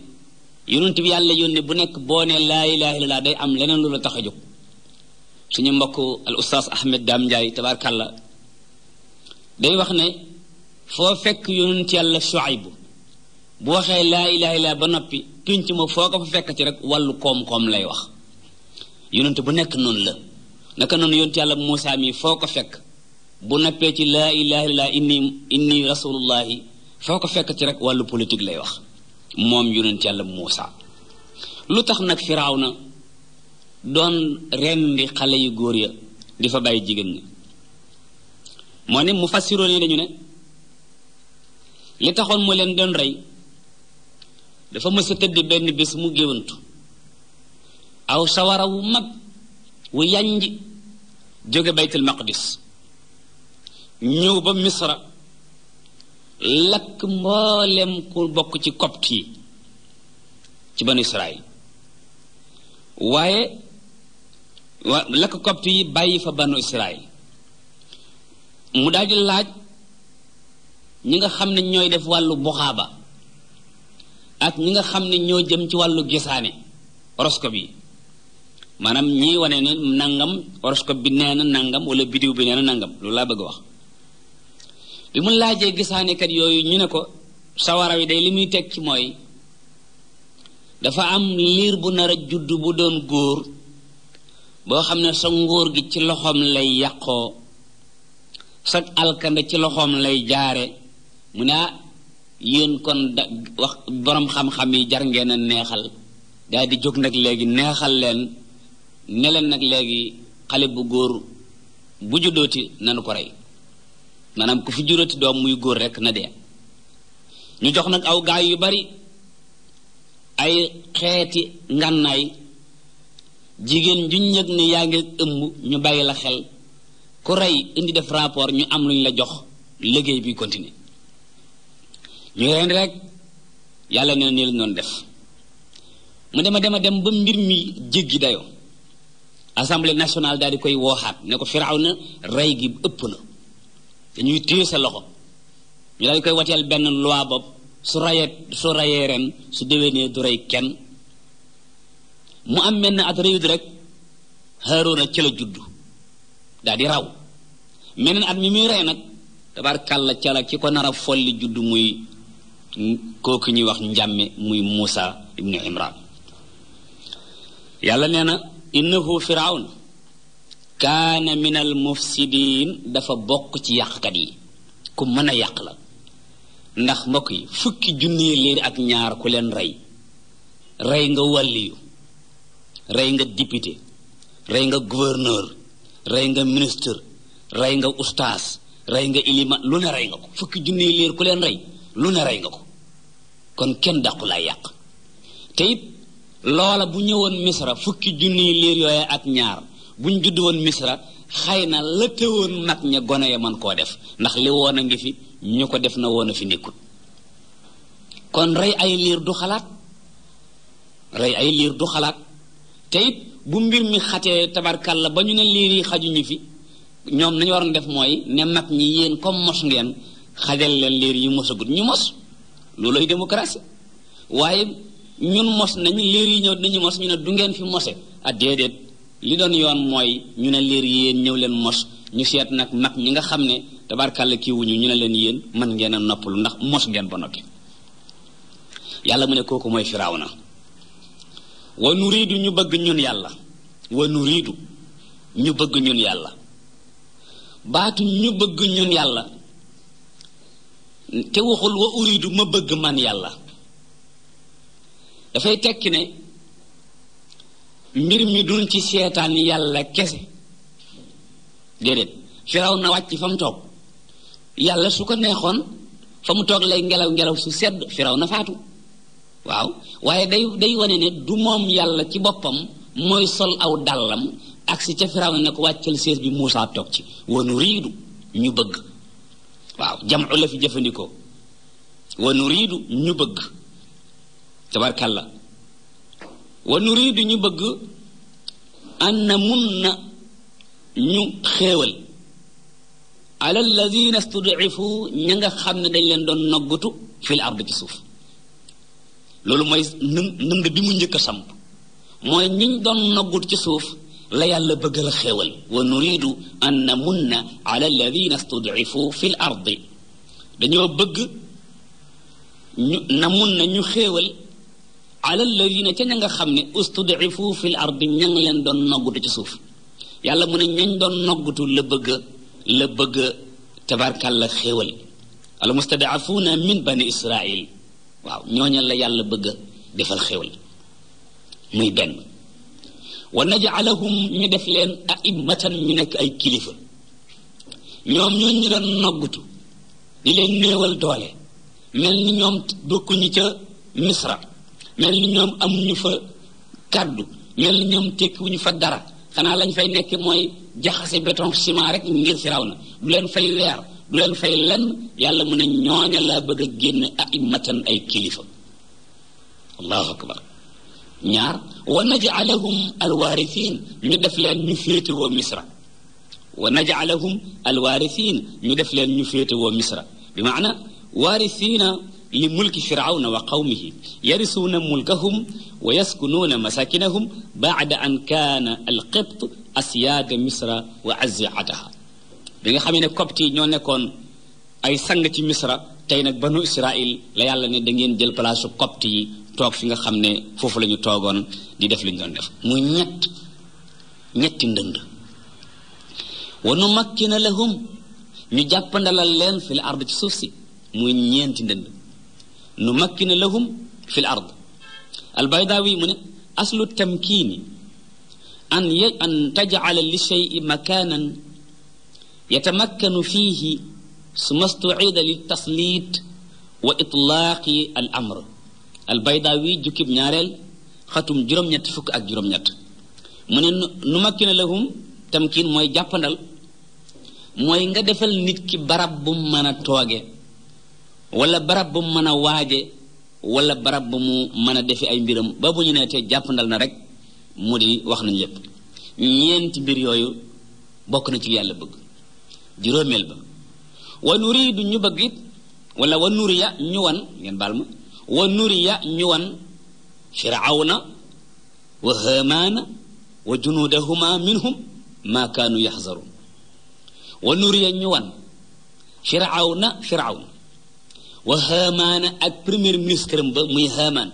yonent bi yàlla yónne bu nekk boo ne laa ilaha illallah day am leneen lu la tax a jóg suñu mbokk al ustaas Ahmed Dame Ndiaye la day wax ne foo fekk yonent yàlla Shuayb bu waxee laa ilaha illallah ba noppi pinc ma foo ko fa ci rek wàllu koom-koom lay wax yonent bu nekk noonu la naka noonu yonent yàlla Muusaa mii foo ko fekk bu nappee ci laa ilaha illaa inni inni rasulullahi foo ko fekk ci rek wàllu politique lay wax moom yonent yàlla Muusaa lu tax nag firaaw na doon rendi xale yu góor ya di fa bàyyi jigéen ñi moo ne mu fassiroon yi dañu ne li taxoon mu leen doon rey dafa mësa tëdd benn bés mu géwantu aw sawara wu mag wu yanj jóge baytul maqdis ñëw ba misra lakk mboolem ku bokk ci copt yi ci banu israil waaye waa lakk copt yi bàyyi fa banu israil mu daldi laaj ñi nga xam ne ñooy def wàllu buxaaba ak ñi nga xam ne ñoo jëm ci wàllu gisaane rosko bi maanaam ñii wane ne nangam horoscope bi nee na nangam wala biddiw bi nee na nangam lu laa bëgg wax bi mu laajee gisaanekat yooyu ñu ne ko sawara wi day li muy teg ci mooy dafa am liir bu nar a judd bu doon góor boo xam ne sa ngóor gi ci loxoom lay yàqoo sa alkande ci loxoom lay jaare mu ne ah, yéen kon da wax boroom xam-xam yi jar a neexal daal jóg nag léegi neexal leen ne nag léegi xale bu góor bu juddooti nanu ko rey maanaam ku fi juróoti doom muy góor rek na dee ñu jox nag aw gaay yu bari ay xeeti ngànnaay jigéen ju ñëg ne yaa ngi ëmb ñu bàyyi la xel ku rey indi def rapport ñu am luñ la jox liggéey bi continuer ñu reen rek yàlla ne nii la noonu def mu dema dema dem ba mbir mi jéggi dayoo assemblée nationale daal di koy wooxaat ne ko firaw na rey gi ëpp na dañuy téye sa loxo ñu daal koy wateel benn loi bopp su rayee su rayee ren su déwénee du rey kenn mu am mel ne at rëyut rek Haaruna ci la juddu daal di raw meneen at mi muy rey nag tabarkàlla ca la ki ko nar a folli juddu muy kooku ñuy wax njàmme muy Muusa ibnu Imran yàlla nee na innahu firawn kaana min al mufsidiin dafa bokk ci yàqkat yi ku mën a yàq la ndax mbokk yi fukki junni liir ak ñaar ku leen rey rey nga wàlliyu rey nga député rey nga gouverneur rey nga ministre rey nga ustaas rey nga ilima lu ne rey nga ko fukki junni liir ku leen rey lu ne rey nga ko kon kenn dàqu laa yàq te loola bu ñëwoon misra fukki junniy liir yooye ak ñaar bu ñu judd woon misra xëy na la teewoon nag ña gone ya mën koo def ndax li woon a ngi fi ñu ko def na woon a fi nekkul kon rey ay liir du xalaat rey ay liir du xalaat te it bu mbir mi xatee la ba ñu ne liir yi xajuñu fi ñoom nañu waroon def mooy ne mag ñi yéen comme mos ngeen xajal leen liir yi mosagut ñu mos loolooy démocratie waaye ñun mos nañu liir yi ñëw dinañu mos ñu ne du ngeen fi mose a ah, déedéet li doon yoon mooy ñu ne liir yi yéen ñëw leen mos ñu seet nag mag ñi nga xam ne tabarkàlla kii ñu ne leen yéen man ngeen a noppalu ndax mos ngeen ba yàlla mu ne kooku mooy firawna wa nuriidu ñu bëgg ñun yàlla wa nuriidu ñu bëgg ñun yàlla baatu ñu bëgg ñun yàlla te waxul wa uriidu ma bëgg man yàlla dafay tekki ne mbir mi duñ ci seetaan yàlla kese déedéet firaw na wàcc fa mu toog yàlla su ko neexoon fa toog lay ngelaw ngelaw su sedd firaw na faatu waaw waaye day day wone ne du moom yàlla ci boppam mooy sol aw dàllam ak si ca firaw na ko wàccal sées bi Muusaa toog ci wanu riidu ñu bëgg waaw jamu la fi jëfandikoo wanu riidu ñu bëgg tabarkalla wa nuridu ñu bëgg an na mun na ñu xéewal ala alladina ña nga xam ne dañ leen doon noggutu fil ard ci suuf loolu mooy nën nënd bi mu njëkk a samp mooy ñu doon noggut ci suuf la yàlla bëggal xéewal wa nuridu an na mun na ala alladina stud'ifu fil ardi dañoo bëgg ñu na mun na ñu xéewal ala alladina ca ña nga xam ne ustudifu fil ardi ña leen doon noggutu ci suuf yàlla mu ne ñañ doon noggutu la bëgg la bëgg tabarkàlla xéewal al mustadaafuuna min bani israil waaw ñooña la yàlla bëgg defal xéewal muy benn wa najcalahum ñu def leen aimmatan ñu nekk ay kilifa ñoom ñooñ ñu doon noggutu di leen néewal doole mel ni ñoom bokkuñu ca misra mel ni ñoom ñu fa kàddu mel ni ñoom tekkiwuñu fa dara xanaa lañ fay nekk mooy jaxase béton ciment rek ngir firaw na du leen fay weer du leen fay lan yàlla mu ne ñooña laa bëgg a génn aimatan ay kilifa allahu akbar ñaar wa najcalahum alwaaricin ñu def leen ñu féetewoo misra wa najcalahum alwaaricin ñu def leen ñu féetewoo misra bi maana waaricina li mulki firawna wa qawmihi yarisuuna mulkahum wa yaskunuuna masakinahum baada an kaana alqibt asiyaada misra wa aziataha bi nga xamee ne copt yi ñoo nekkoon ay sang ci misra tey nag banu israil la yàlla ne da ngeen jël palaasu copt yi toog fi nga xam ne foofu lañu ñu toogoon di def li ñu doon def muy ñett ñetti ndënd wa nu makkina lahum ñu jàppandalal leen fi ard ci suuf si muy ñeenti ndënd nu makkina lahum fi l ard albaydaawi mu ne aslu tamkiini an y an tajcala li cheyi makaanan yatamakkanu fiihi suma stucida li tasliit wa itlaaqi al amr albaydaawi jukkib ñaareel xatum juróom-ñett fukk ak juróom-ñett mu ne nu makkina lahum tamkiin mooy jàppandal mooy nga defal nit ki barab bu mën a tooge wala barab bu mu mën a waaje wala barab bu mu mën a defe ay mbiram ba bu ñu nee te jàppandal na rek mu di wax nañ lépp ñeenti mbir yooyu bokk na ci yàlla bëgg juróomeel ba wa bëgg wala wa nuriya ñu wan ngeen baal ma wa nuriya ñu wan firawna wa hamaana wa junuudahuma minhum maa kaanu yaxzaruun wa nuriya ñu firawna firawna wa haamaana ak premier ministre ba muy haamaan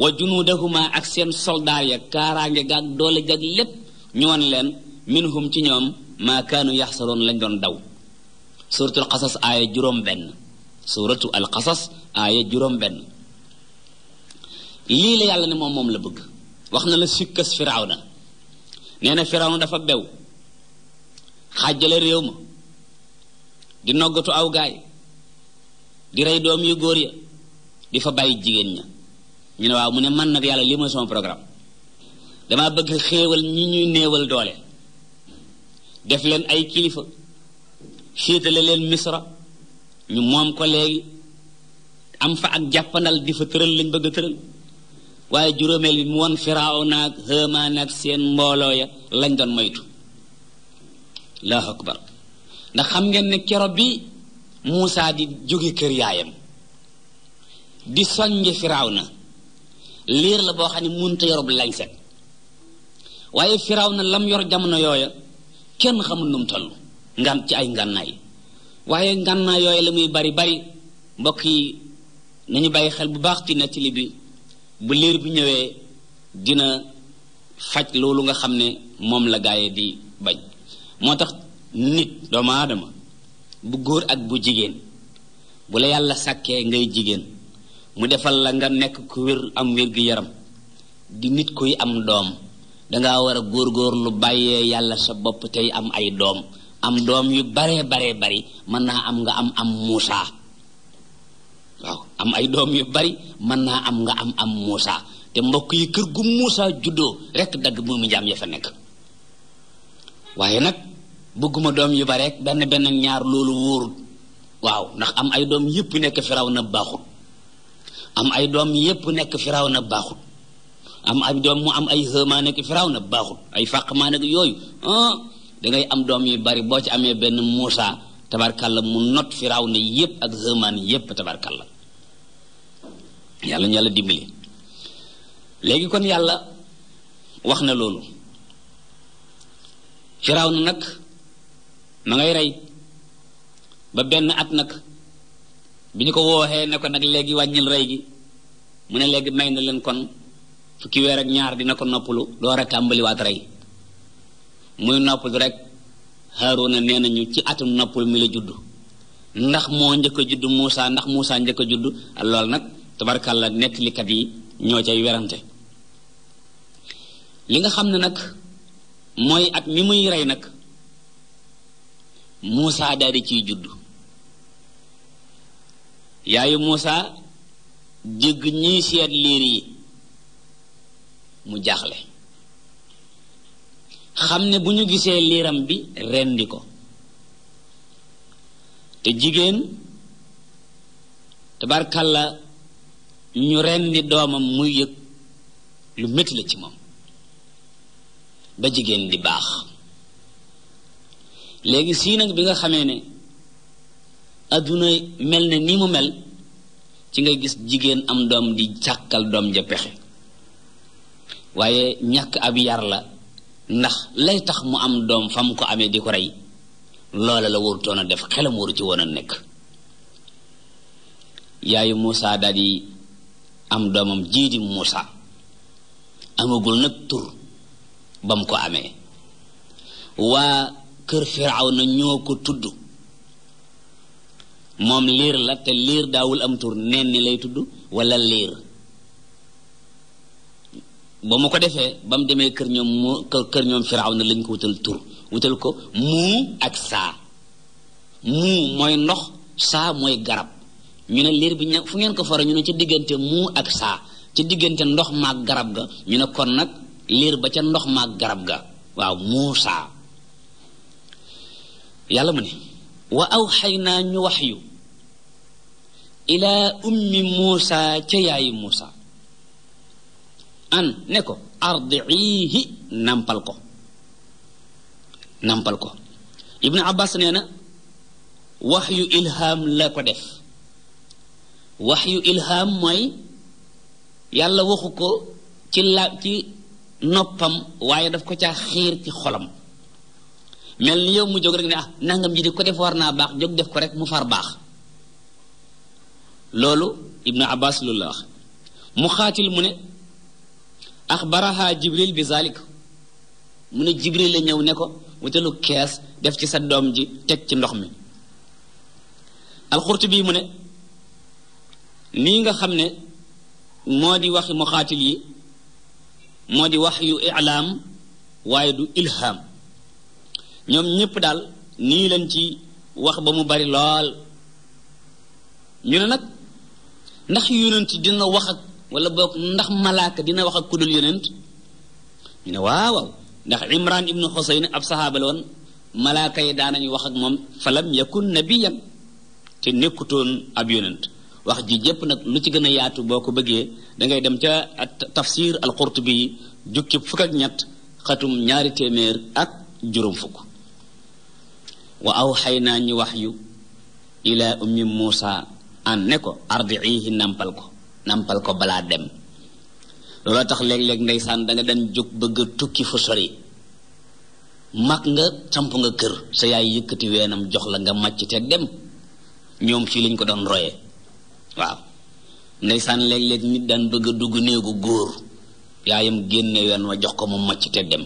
wa junudahuma ak seen soldaar ya kaaraange gaag doole gaag lépp ñoon leen minhum ci ñoom maa kaanu yaxsaroon lañ doon daw suuratul qasas aaya juróom suuratu al qasas juróom benn lii la yàlla ne moom moom la bëgg wax na la sikkas firawna nee na firawna dafa bew xàjjale réew ma di noggatu aw gaay di rey doom yu góor ya di fa bàyyi jigéen ña ñu ne waaw mu ne man nag yàlla li mooy sama programme dama bëgg xéewal ñi ñuy néewal doole def leen ay kilifa féetale leen misra ñu moom ko léegi am fa ak jàppandal di fa tëral lañ bëgg a tëral waaye juróomeel bi mu won firaaw naag xëmaan ak seen mbooloo ya lañ doon moytu allahu akbar ndax xam ngeen ne kero bi Muusa di jóge kër yaayam di soññe na liir la boo xam ne munta yorub lañset waaye Firawna lam yor jamono yooya kenn xamul nu mu ci ay ngànnaay waaye ngànnaay yooya la bari bari mbokk yi nañu bàyyi xel bu baax ci nettali bi bu liir bi ñëwee dina faj loolu nga xam ne moom la gaaye di bañ moo tax nit doomu aadama bu góor ak bu jigéen bu la yàlla sàkkee ngay jigéen mu defal la nga nekk ku wér am wér gi yaram di nit kuy am doom danga war a lu bàyyee yàlla sa bopp tey am ay doom am doom yu baree baree bari mën naa am nga am am Muusa waaw am ay doom yu bari mën naa am nga am am Muusa te mbokk yi kër gu Muusa juddoo rekk dagg mu njaam ya fa nekk waaye nag bëgguma doom yu bare rek benn benn ñaar loolu wóorut waaw ndax am ay doom yëpp nekk firaw na baaxut am ay doom yëpp nekk firaw na baaxut am ay doom mu am ay xëmaa nekk firaw na baaxut ay fàq maa yooyu ah, da ngay am doom yu bari boo ci amee benn Muusa tabarkalla mu not firaw na yëpp ak xëmaan yëpp tabarkalla yàlla ñu yàlla dimbali léegi kon yàlla wax na loolu firaw na nag ma ngay rey ba benn at nag bi ñu ko wooxee ne ko nag léegi wàññil rey gi mu ne léegi may na leen kon fukki weer ak ñaar dina ko noppalu door a tàmbaliwaat rey muy noppalu rek Haaruna nee nañu ci atum noppalu mi la juddu ndax moo njëkk a judd Muusa ndax Muusa njëkk a judd lool nag tabarkàlla nettalikat yi ñoo cay werante li nga xam ne nag mooy at mi muy rey nag Muusa daal di ciy juddu yaayu Muusa dégg ñiy seet liir yi mu jaxle xam ne bu ñu gisee liiram bi rendi ko te jigéen tabarkalla ñu rendi doomam muy yëg lu métti la ci moom ba jigéen di baax léegi sii nag bi nga xamee ne adduna mel ne ni mu mel ci nga gis jigéen am doom di càkkal doom ja pexe waaye ñàkk ab yar la ndax lay tax mu am doom fam ko amee di ko rey loola la warutoon a def xelam waru ci woon a nekk yaayu Muusa daal di am doomam jii di Muusa amagul nag tur ba mu ko amee waa kër firaaw na ñoo ko tudd moom liir la te liir daawul am tur nen ni lay tudd wala liir ba mu ko defee ba mu demee kër ñoom mu kër ñoom firaaw na lañ ko wutal tur wutal ko muu ak saa muu mooy ndox saa mooy garab ñu ne liir bi ña fu ngeen ko fara ñu ne ca diggante muu ak saa ca diggante ndox maag garab ga ñu ne kon nag liir ba ca ndox maag garab ga waaw muu saa yàlla mu ne wa awxay naa ñu wax yu ilaa ummi muusa ca yaayi muusa an ne ko ardiihi nàmpal ko nampal ko ibnu abbas nee na wax yu ilhaam la ko def wax yu ilhaam mooy yàlla waxu ko ci la ci noppam waaye daf ko ca xiir ci xolam mel ni yow mu jóg rek ne ah nangam ji di ko def war na baax jóg def ko rek mu far baax loolu ibnu abbas loolu la wax mu xaatil mu ne axbaraha jibril bi zalik mu ne jibril la ñëw ne ko wutalu kees def ci sa doom ji teg ci ndox mi bi mu ne nii nga xam ne moo di waxi mu xaatil yi moo di wax yu ilaam waaye du ilham ñoom ñëpp daal nii lañ ci wax ba mu bari lool ñu ne nag ndax yonent dina wax ak wala boog ndax malaaka dina wax ak ku dul yonent ñu ne waaw waaw ndax imran ibnu xusayn ab saxaaba malaaka yi daanañu wax ak moom falam yakun nabiyan te nekkutoon ab yonent wax ji jëpp nag lu ci gën a yaatu boo ko bëggee dangay dem ca tafsir al bi jukki fukk ak ñett xatum ñaari téeméer ak juróom fukk wa naa ñu wax yu ilaa ummi Muusa an ne ko ardiihi nàmpal ko nampal ko balaa dem looloo tax léeg-léeg ndeysaan da nga daan jóg bëgg tukki fu sori mag nga samp nga kër sa yaay yëkkati weenam jox la nga màcc te dem ñoom fii lañ ko doon roye waaw ndeysaan léeg-léeg nit daan bëgg a dugg néegu góor yaayam génne ween wa jox ko mu màcc te dem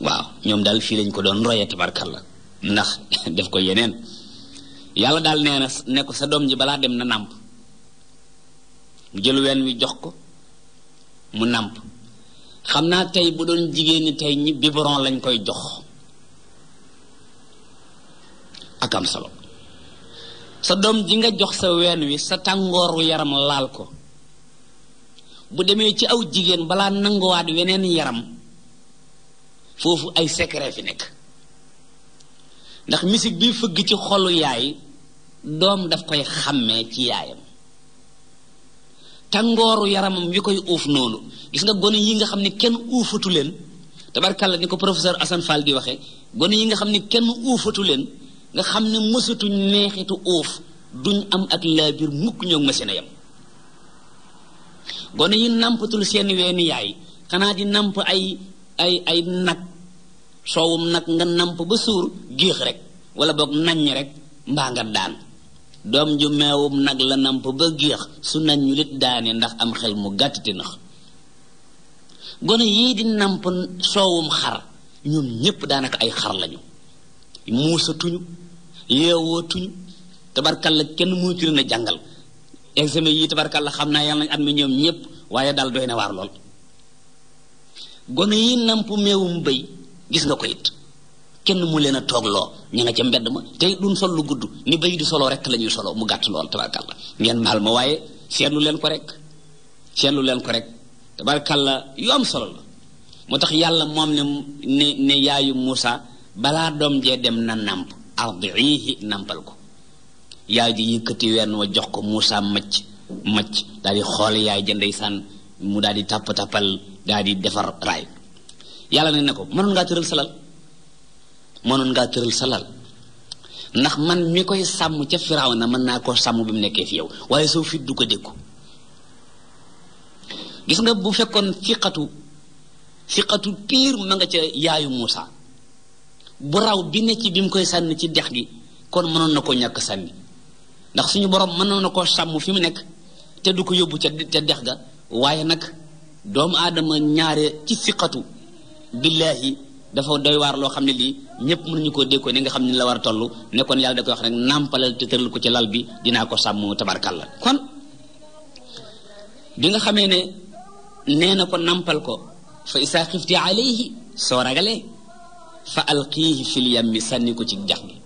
waaw ñoom daal fii lañ ko doon roye la ndax [coughs] def ko yeneen yàlla daal nee na ne sa doom ji balaa dem na nàmp mu jël ween wi jox ko mu nàmp xam naa tey bu doon jigéen ñi tey ñi biberon lañ koy jox ak am solo sa doom ji nga jox sa ween wi sa tàngooru yaram laal ko bu demee ci aw jigéen balaa nanguwaat weneen yaram foofu ay secret fi nekk ndax misik bi fëgg ci xolu yaay doom daf koy xàmmee ci yaayam tàngooru yaramam wi koy uuf noonu gis nga gone yi nga xam ne kenn uufatu leen tabarkàlla ni ko professeur Assane gone yi nga xam ne kenn uufatu leen nga xam ne mësatuñ neexitu uuf duñ am ak laabir mukk ñoo mësina yam gone yi nàmpatul seen weeni yaay xanaa di nàmp ay ay ay nag soowum nag nga namp ba suur géex rek wala boog nañ rek mbaa nga daan doom ju meewum nag la namp ba géex su naññu lit daane ndax am xel mu gàttati nax gone yii di namp soowum xar ñoom ñépp daanaka ay xar lañu muusatuñu yeewootuñu la kenn mënatu leen a jàngal examen yi tabarkalla xam naa yàlla nañ am mi ñoom ñépp waaye daal doy na waar lool gone yi namp meewum bëy gis nga ko it kenn mu leen a toog loo nga ca mbedd ma tey duñ sol lu gudd ni bay di soloo rek la ñuy solo mu gàtt lool tabarkàlla ngeen baal ma waaye seetlu leen ko rek seetlu leen ko rek tabarkàlla yu am solo la moo tax yàlla moom ne ne yaayu Moussa balaa doom jee dem na nàmp ardiihi nàmpal ko yaay ji yëkkati wenn wa jox ko Moussa macc macc daal di xool yaay ja ndeysaan mu daal di tàpp-tàppal daal di defar yàlla ne ne ko mënoon ngaa tëral salal mënoon ngaa tëral salal ndax man mi koy sàmm ca firaaw na mën naa koo sàmm bi mu nekkee fi yow waaye soo fit du ko dékku gis nga bu fekkoon fiqatu fiqatu piir ma nga ca yaayu Muusa bu raw bi ne ci bi mu koy sànni ci dex gi kon mënoon na koo ñàkk sànni ndax suñu borom mënoon na koo sàmm fi mu nekk te du ko yóbbu ca ca dex ga waaye nag doomu aadama ñaare ci fiqatu billaahi dafa doy waar loo xam ne lii ñëpp mënuñu koo déggoo ni nga xam ne la war a toll ne kon yàlla da koy wax rek nàmpalal te ko ci lal bi dinaa ko sàmm tabarkàlla kon bi nga xamee ne nee na ko nàmpal ko fa isaa xifti alayhi soo ragalee fa alqiihi fil yammi sànni ko ci jax gi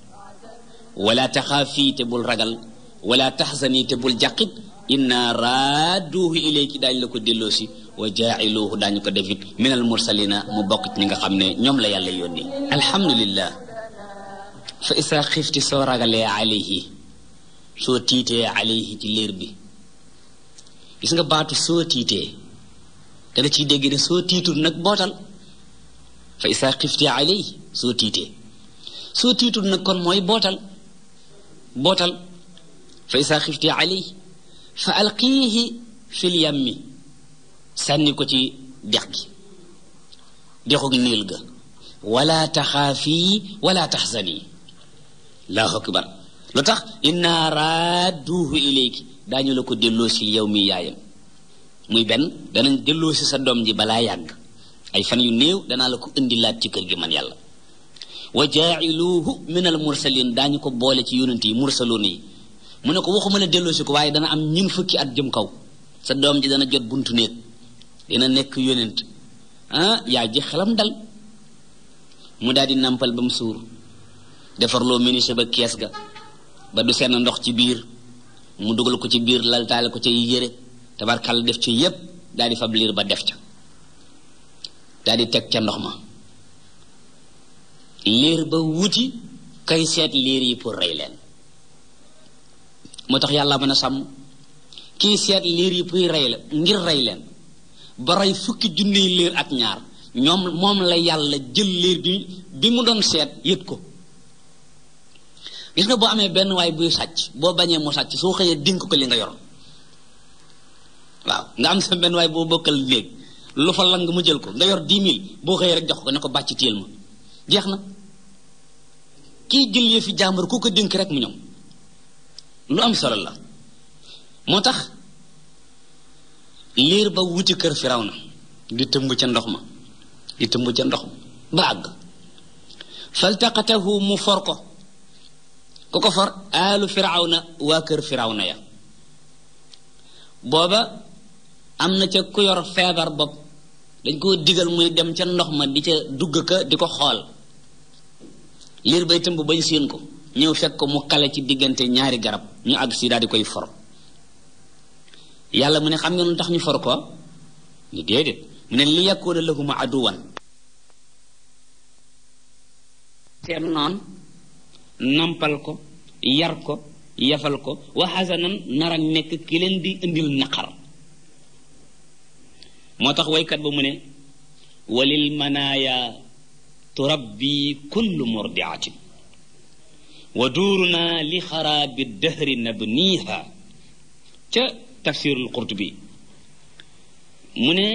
wala taxaafii te bul ragal wala taxsanii te bul jàqit inna raaduhu ilayki daañu la ko delloosi wa jaa'iluhu daañu ko def it minal mursalina mu bokk ci ñi nga xam ne ñoom la yàlla yónni alhamdulillah fa isaa xifti soo ragalee alayhi soo tiitee alayhi ci léer bi gis nga baatu soo tiitee da nga ciy dégg soo tiitul nag bootal fa isaa soo tiitee soo tiitul nag kon mooy bootal bootal fa isaa xifti alayhi fa alqiihi fil yammi sànni ko ci dex gi dexu niil ga wala taxaafii wala taxsanii allahu ba lu tax inna i ilayki daañu la ko delloo si yow mi yaayam muy benn danañ delloo si sa doom ji balaa yàgg ay fan yu néew danaa la ko indilaat ci kër gi man yàlla wa jaa'iluuhu min al mursalin daañu ko boole ci yonent yi mursaloon yi mu ne ko waxuma la delloo si ko waaye dana am ñun fukki at jëm kaw sa doom ji dana jot buntu néeg dina nekk yonent ah yaa ji xelam dal mu daal di nàmpal ba mu suur defarloo menuisier ba kees ga ba du seen ndox ci biir mu dugal ko ci biir laltaale ko ci yi yére tabarkal def ci yépp daal di fab liir ba def ca daldi teg ca ndox ma liir ba wuti kay seet liir yi pour rey leen moo tax yàlla mën a sàmm kii seet liir yi pour rey la ngir rey leen ba rey fukki junniy léer ak ñaar ñoom moom la yàlla jël liir bi bi mu doon seet yët ko gis nga boo amee benn waay buy sàcc boo bañee mu sàcc soo xëyee dénk ko li nga yor waaw nga am sa benn waay boo bokkal léeg lu fa lang mu jël ko nga yor 10 boo xëyee rek jox ko ne ko bàcc téel ma jeex na kii jël fi jàmbur ku ko dénk rek mu ñoom lu am solo la moo tax liir ba wuti kër Firawna di tëmb ca ndox ma di tëmb ca ndox ba àgg faltaqatahu mu for ko ku ko for aalu na waa kër firaw na ya booba am na ca ku yor feebar bopp dañ koo digal muy dem ca ndox ma di ca dugg ka di ko xool liir bay tëmb bañ séen ko ñëw fekk ko mu kale ci diggante ñaari garab ñu àgg si daal di koy for yàlla mu ne xam ngeen lu tax ñu for ko ñu déedéet mu ne li yakuna lahum aduwan seen noon nampal ko yar ko yafal ko wa hasanan nara nekk ki leen di naqar moo tax waykat ba mu ne walil manaaya turabbi kullu murdiatin wa duuruna li xaraabi dahri nabniha tafsirul bi mu ne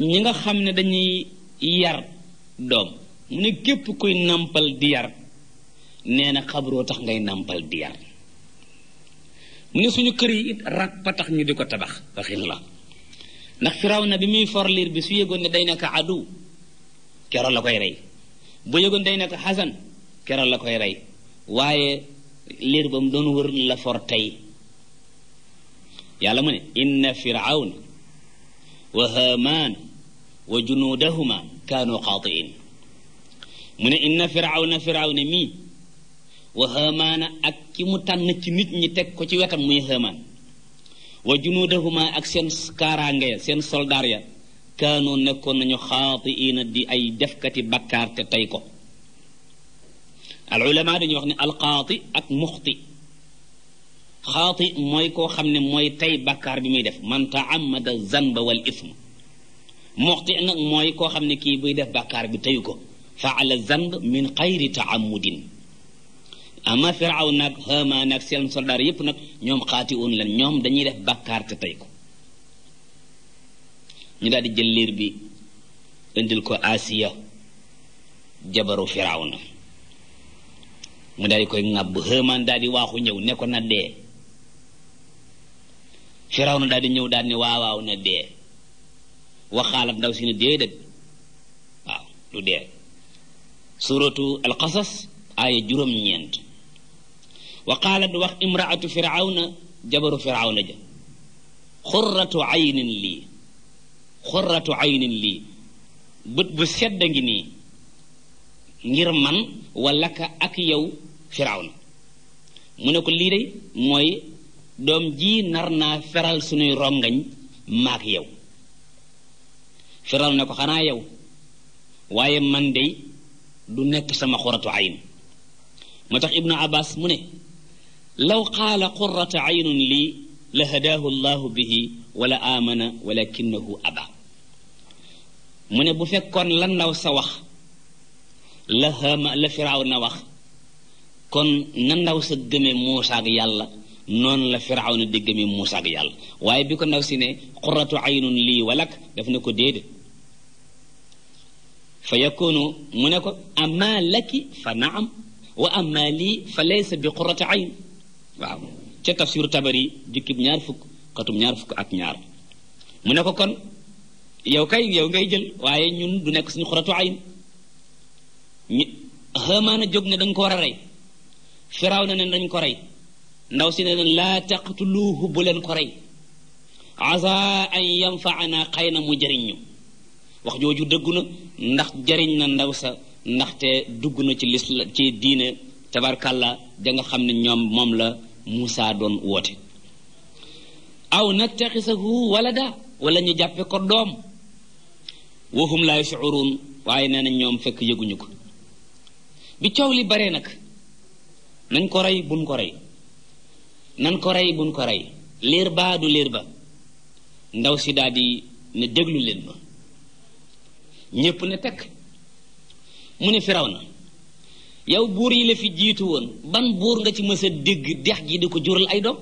ñi nga xam ne dañuy yar doom mu ne képp kuy nàmpal di yar nee na xabroo tax ngay nàmpal di yar mu ne suñu kër yi it rat tax ñu di ko tabax waxin la ndax firaw na bi muy for liir bi su yëgoon ne day nekk adu keroog la koy rey bu yëgoon day nekk xasan keroog la koy rey waaye liir ba mu doon wër la for tey yàlla mu ne inna firawna wa haamaana wa junuudahuma kaanu xaatiin mu ne inna firawna firawna mii wa haamaana ak ki mu tànn ci nit ñi teg ko ci wetam muy haamaan wa junuudahuma ak seen kaaraange ya seen soldaar ya kaanu nekkoon nañu xaatiina di ay defkati bakkaar te tey ko al ulamaa dañuy wax ne alxaati ak muxti xaati mooy koo xam ne mooy tey bàkkaar bi muy def man taamada zanba wal isma moxti nag mooy koo xam ne kii buy def bàkkaar bi teyu ko fa ala zanb min xayri taamudin ama firaw nag xamaa nag seen soldaar yépp nag ñoom xaati un lan ñoom dañuy def bàkkaar te tey ko ñu daal di jël liir bi indil ko asiya jabaru firaw na mu daal di koy ŋàbb xëmaan daal di waaxu ñëw ne ko na dee firawna daal di ñëw daal ne waawaaw na dee waxaalat ndaw si ne déedéet waaw dee suratu alqasas aaya juróom-ñeent wa qaalat wax imraatu firawna jabaru firawna ja xurratu aynin lii xurratu bët bu sedd ngi nii ngir man wala ka ak yow firawna mu ne ko lii day mooy doom ji nar na feral sunuy rongañ maak yow feral na ko xanaa yow waaye man dey du nekk sama xuratu ayn moo tax ibnu abbas mu ne law qaala qurata aynun lii la hadaahu llahu bihi wala aamana walakinahu aba mu ne bu fekkoon la ndaw sa wax la hama la firaaw na wax kon na ndaw sa gëme muusaak yàlla noonu la firawna déggami Muusa ak yàlla waaye bi ko nag si ne qurratu aynun lii walak daf ne ko déedéet fa yakunu mu ne ko amma laki fa naam wa amma lii fa laysa bi qurrati ayn waaw ca tafsiru tabari ñaar fukk xatum ñaar fukk ak ñaar mu ne ko kon yow kay yow ngay jël waaye ñun du nekk suñu xuratu ayn ñu xamaana jóg ne dañ ko war a rey firaaw na ne dañ ko rey ndaw si ne na laa taqtuluuhu bu leen ko rey asa an yanfaana xëy na mu jariñ ñu wax jooju dëggu na ndax jariñ na ndaw sa ndaxte dugg na ci lisla ci diine tabarkàlla da xam ne ñoom moom la Muusa doon woote aw nattaxisahu walada wala ñu jàppe ko doom wahum laa yashuruun waaye nee na ñoom fekk yëguñu ko bi coow li bare nag nañ ko rey buñ ko rey nan ko rey buñ ko rey liir baa du liir ba ndaw si daal di ne déglu leen ma ñépp ne tekk mu ne firaw na yow buur yi la fi jiitu woon ban buur nga ci mës a dégg dex gi di ko jural ay doom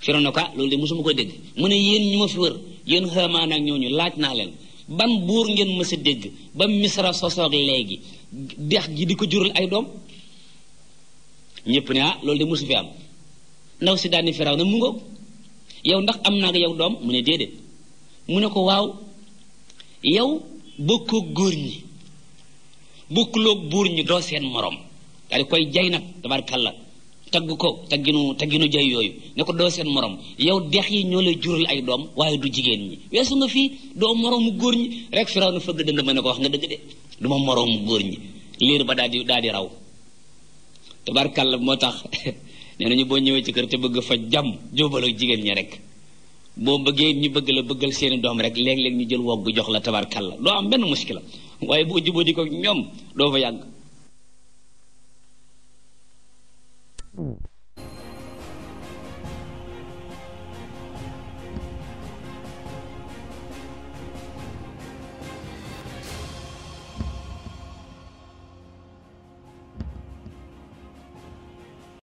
firaw na ko ah, loolu de mosuma dégg mu ne yéen ñu ma fi wër yéen xamaan laaj naa leen ban buur ngeen mës a dégg ba misra sosoog dex gi di ko jural ay doom ñépp ne ah loolu de mësu fi am ndaw si daal ni firaw na mu ngoog ndax am naa yow doom mu ne déedéet mu ne ko waaw yow bokkoo góor ñi bokkuloo buur ñi doo seen moroom daal di koy jay nag tabarkalla tagg ko tagginu tagginu jay yooyu ne ko doo seen moroom yow dex yi ñoo la jural ay doom waaye du jigéen ñi weesu nga fii doo moroomu góor ñi rek firaw na fëgg dënd ma ne ko wax nga dëgg de du ma moroomu góor ñi liir ba daal di daal di raw tabarkalla moo tax [laughs] nee nañu boo ñëwee ci kër te bëgg fa jàmm jóobal jigéen ñi rek boo bëggee ñu bëgg la bëggal seeni doom rek léeg-léeg ñu jël bu jox la tabarkalla loo am benn muskila waaye boo jubóo di ko ñoom doo fa yàgg